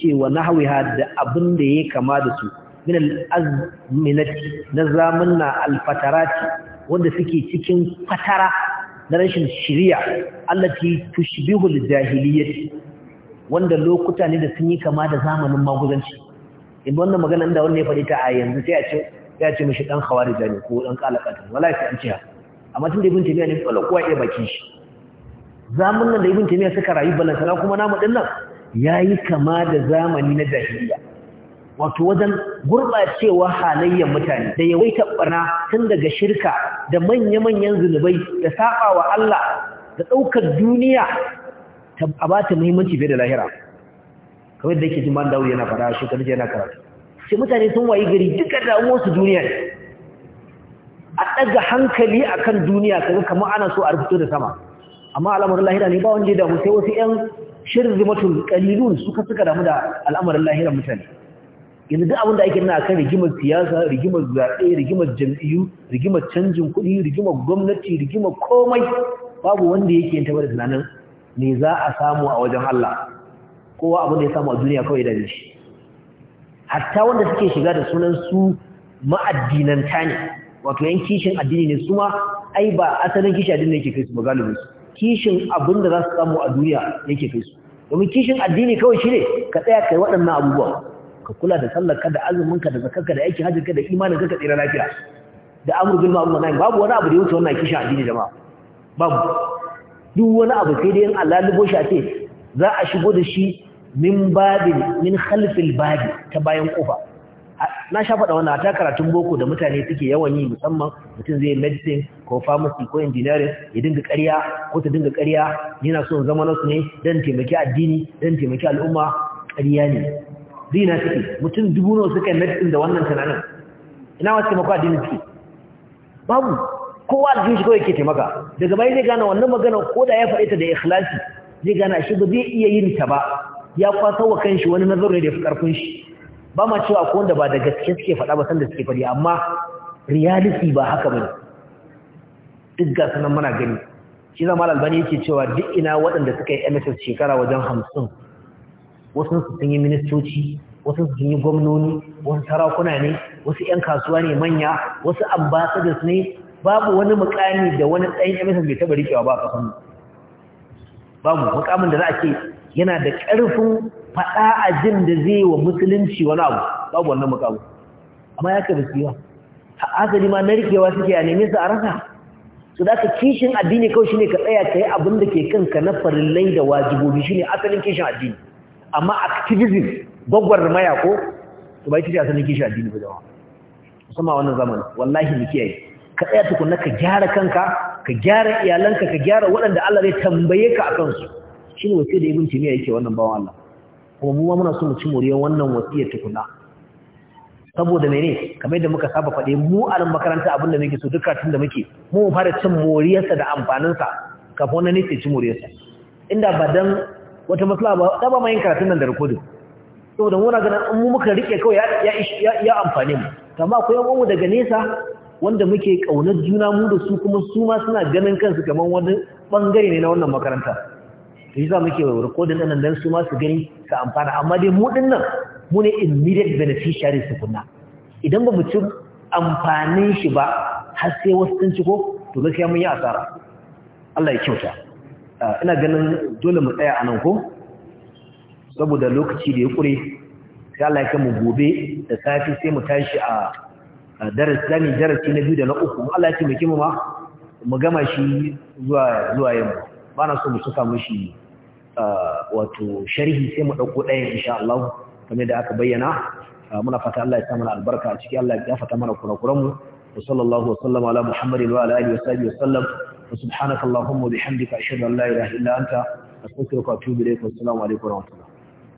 ce wa nahwiha da abin da ya kama da su min al-azminati na zamanna al-fatarati wanda suke cikin fatara na rashin shiriya allati tushbihul jahiliyyah wanda lokuta ne da sun yi kama da zamanin maguzanci in wannan magana da wanda ya faɗi ta a yanzu sai a ce ya ce mishi dan khawarija ne ko dan kalakata wallahi sai an ce amma tun da ibn taymiya ne dole kowa ya baki shi nan da ibn taymiya suka rayu balantana kuma namu din nan yayi kama da zamani na jahiliya wato wajen gurɓacewa halayyar mutane da yawaita barna tun daga shirka da manya-manyan zunubai da wa Allah da ɗaukar duniya a ba ta muhimmanci fiye da lahira kamar da yake jin man dawo yana fara shekaru yana karatu sai mutane sun wayi gari duka damuwarsu duniya ne a ɗaga hankali akan duniya kaga kamar ana so a rufito da sama amma al'amarin lahira ne ba wanda ya damu sai wasu shirin shirzimatul qalilun suka suka damu da al'amarin lahira mutane yanzu duk abin da ake nuna akan rigimar siyasa rigimar zaɓe rigimar jam'iyyu rigimar canjin kuɗi rigimar gwamnati rigimar komai babu wanda yake yin tabar tunanin me za a samu a wajen Allah kowa abin da ya samu a duniya kawai da shi hatta wanda suke shiga da sunan su ma'addinanta ne wato yan kishin addini ne su ma ai ba asalin kishin addini ne yake kai su ba galibin su kishin abin da za su samu a duniya yake kai su domin kishin addini kawai shi ne ka tsaya kai waɗannan abubuwa ka kula da ka da azumin ka da ka da aikin ka da imanin ka tsira lafiya da amur bil ma'ruf nahi babu wani abu da yake wannan kishin addini jama'a babu duk wani abu sai dai in Allah lubo shi a ce za a shigo da shi min babin min khalfil babi ta bayan kofa na sha faɗa wannan ta karatun boko da mutane suke yawan yi musamman mutum zai medicine ko pharmacy ko engineering ya dinga ƙarya ko ta dinga ƙarya yana son zama nasu ne dan taimaki addini dan taimaki al'umma ƙarya ne dina take mutum dubu nawa suka yi medicine da wannan tunanin ina wasu taimako addini suke babu kowa da shi kawai ke taimaka daga baya zai gane wannan magana ko da ya faɗi ta da ikhlasi zai gane shi ba zai iya yin ta ba ya kwasa wa kanshi wani ne da ya fi karfin shi ba ma cewa ko wanda ba da gaske suke faɗa ba san da suke faɗi amma reality ba haka bane duk ga sunan muna gani shi zama albani yake cewa duk ina waɗanda suka yi ms shekara wajen hamsin wasu sun yi ministoci wasu sun yi gwamnoni wasu sarakuna ne wasu 'yan kasuwa ne manya wasu ambassadors ne babu wani mukami da wani ɗan ms bai taɓa rikewa ba a ƙasar babu mukamin da za a ce yana da ƙarfin faɗa a jin da zai wa musulunci wani abu babu wannan makamu. amma ya kaɓi siya a asali ma narkewa suke a neman su a rasa su da ka kishin addini kawai ne ka tsaya ka yi abin da ke kan ka na farillai da wajibobi shine asalin kishin addini amma activism gwagwar maya ko su bai kishin asalin kishin addini ba jawa musamman wannan zamani, wallahi mu kiyaye ka tsaya tukunna ka gyara kanka ka gyara iyalanka ka gyara waɗanda Allah zai tambaye ka a kansu ne wasiyar da ibn timiya yake wannan bawan Allah kuma mu ma muna so mu ci moriyar wannan wasiyar tukuna saboda mene kamar yadda muka saba faɗe mu a nan makaranta abin da muke so duk karatun da muke mu mu fara cin moriyarsa da amfaninsa kafin wannan ne sai ci moriyarsa inda ba dan wata matsala ba da ba ma yin karatun nan da rikodin saboda muna ganin in mu muka rike kawai ya ya amfane mu amma akwai yan mu daga nesa wanda muke kaunar juna mu da su kuma su ma suna ganin kansu kamar wani bangare ne na wannan makaranta Mai yi za muke rikodin nan don su masu gani su amfana amma dai mu ɗin nan mu ne immediate beneficiary su kunna idan ba mu ci amfanin shi ba har sai wasu sun ci ko to gaskiya mun yi asara Allah ya kyauta ah, ina ganin dole mu tsaya a ko saboda lokaci da ya kure sai Allah ya kama gobe da safi sai mu tashi a darasi ni darasi na biyu da na uku Allah ya ce mu kima ma mu gama shi zuwa zuwa yamma ba na so mu saka mushi wato sharhi sai mu ɗauko ɗayan insha Allah kamar da aka bayyana muna fata Allah ya sa mana albarka a ciki Allah ya fata mana kurakuran mu wa sallallahu wa sallama ala muhammadin wa ala alihi wa sahbihi wa sallam wa subhanaka allahumma bihamdika ashhadu an la ilaha illa anta astaghfiruka wa atubu ilayk wa assalamu alaikum wa rahmatullahi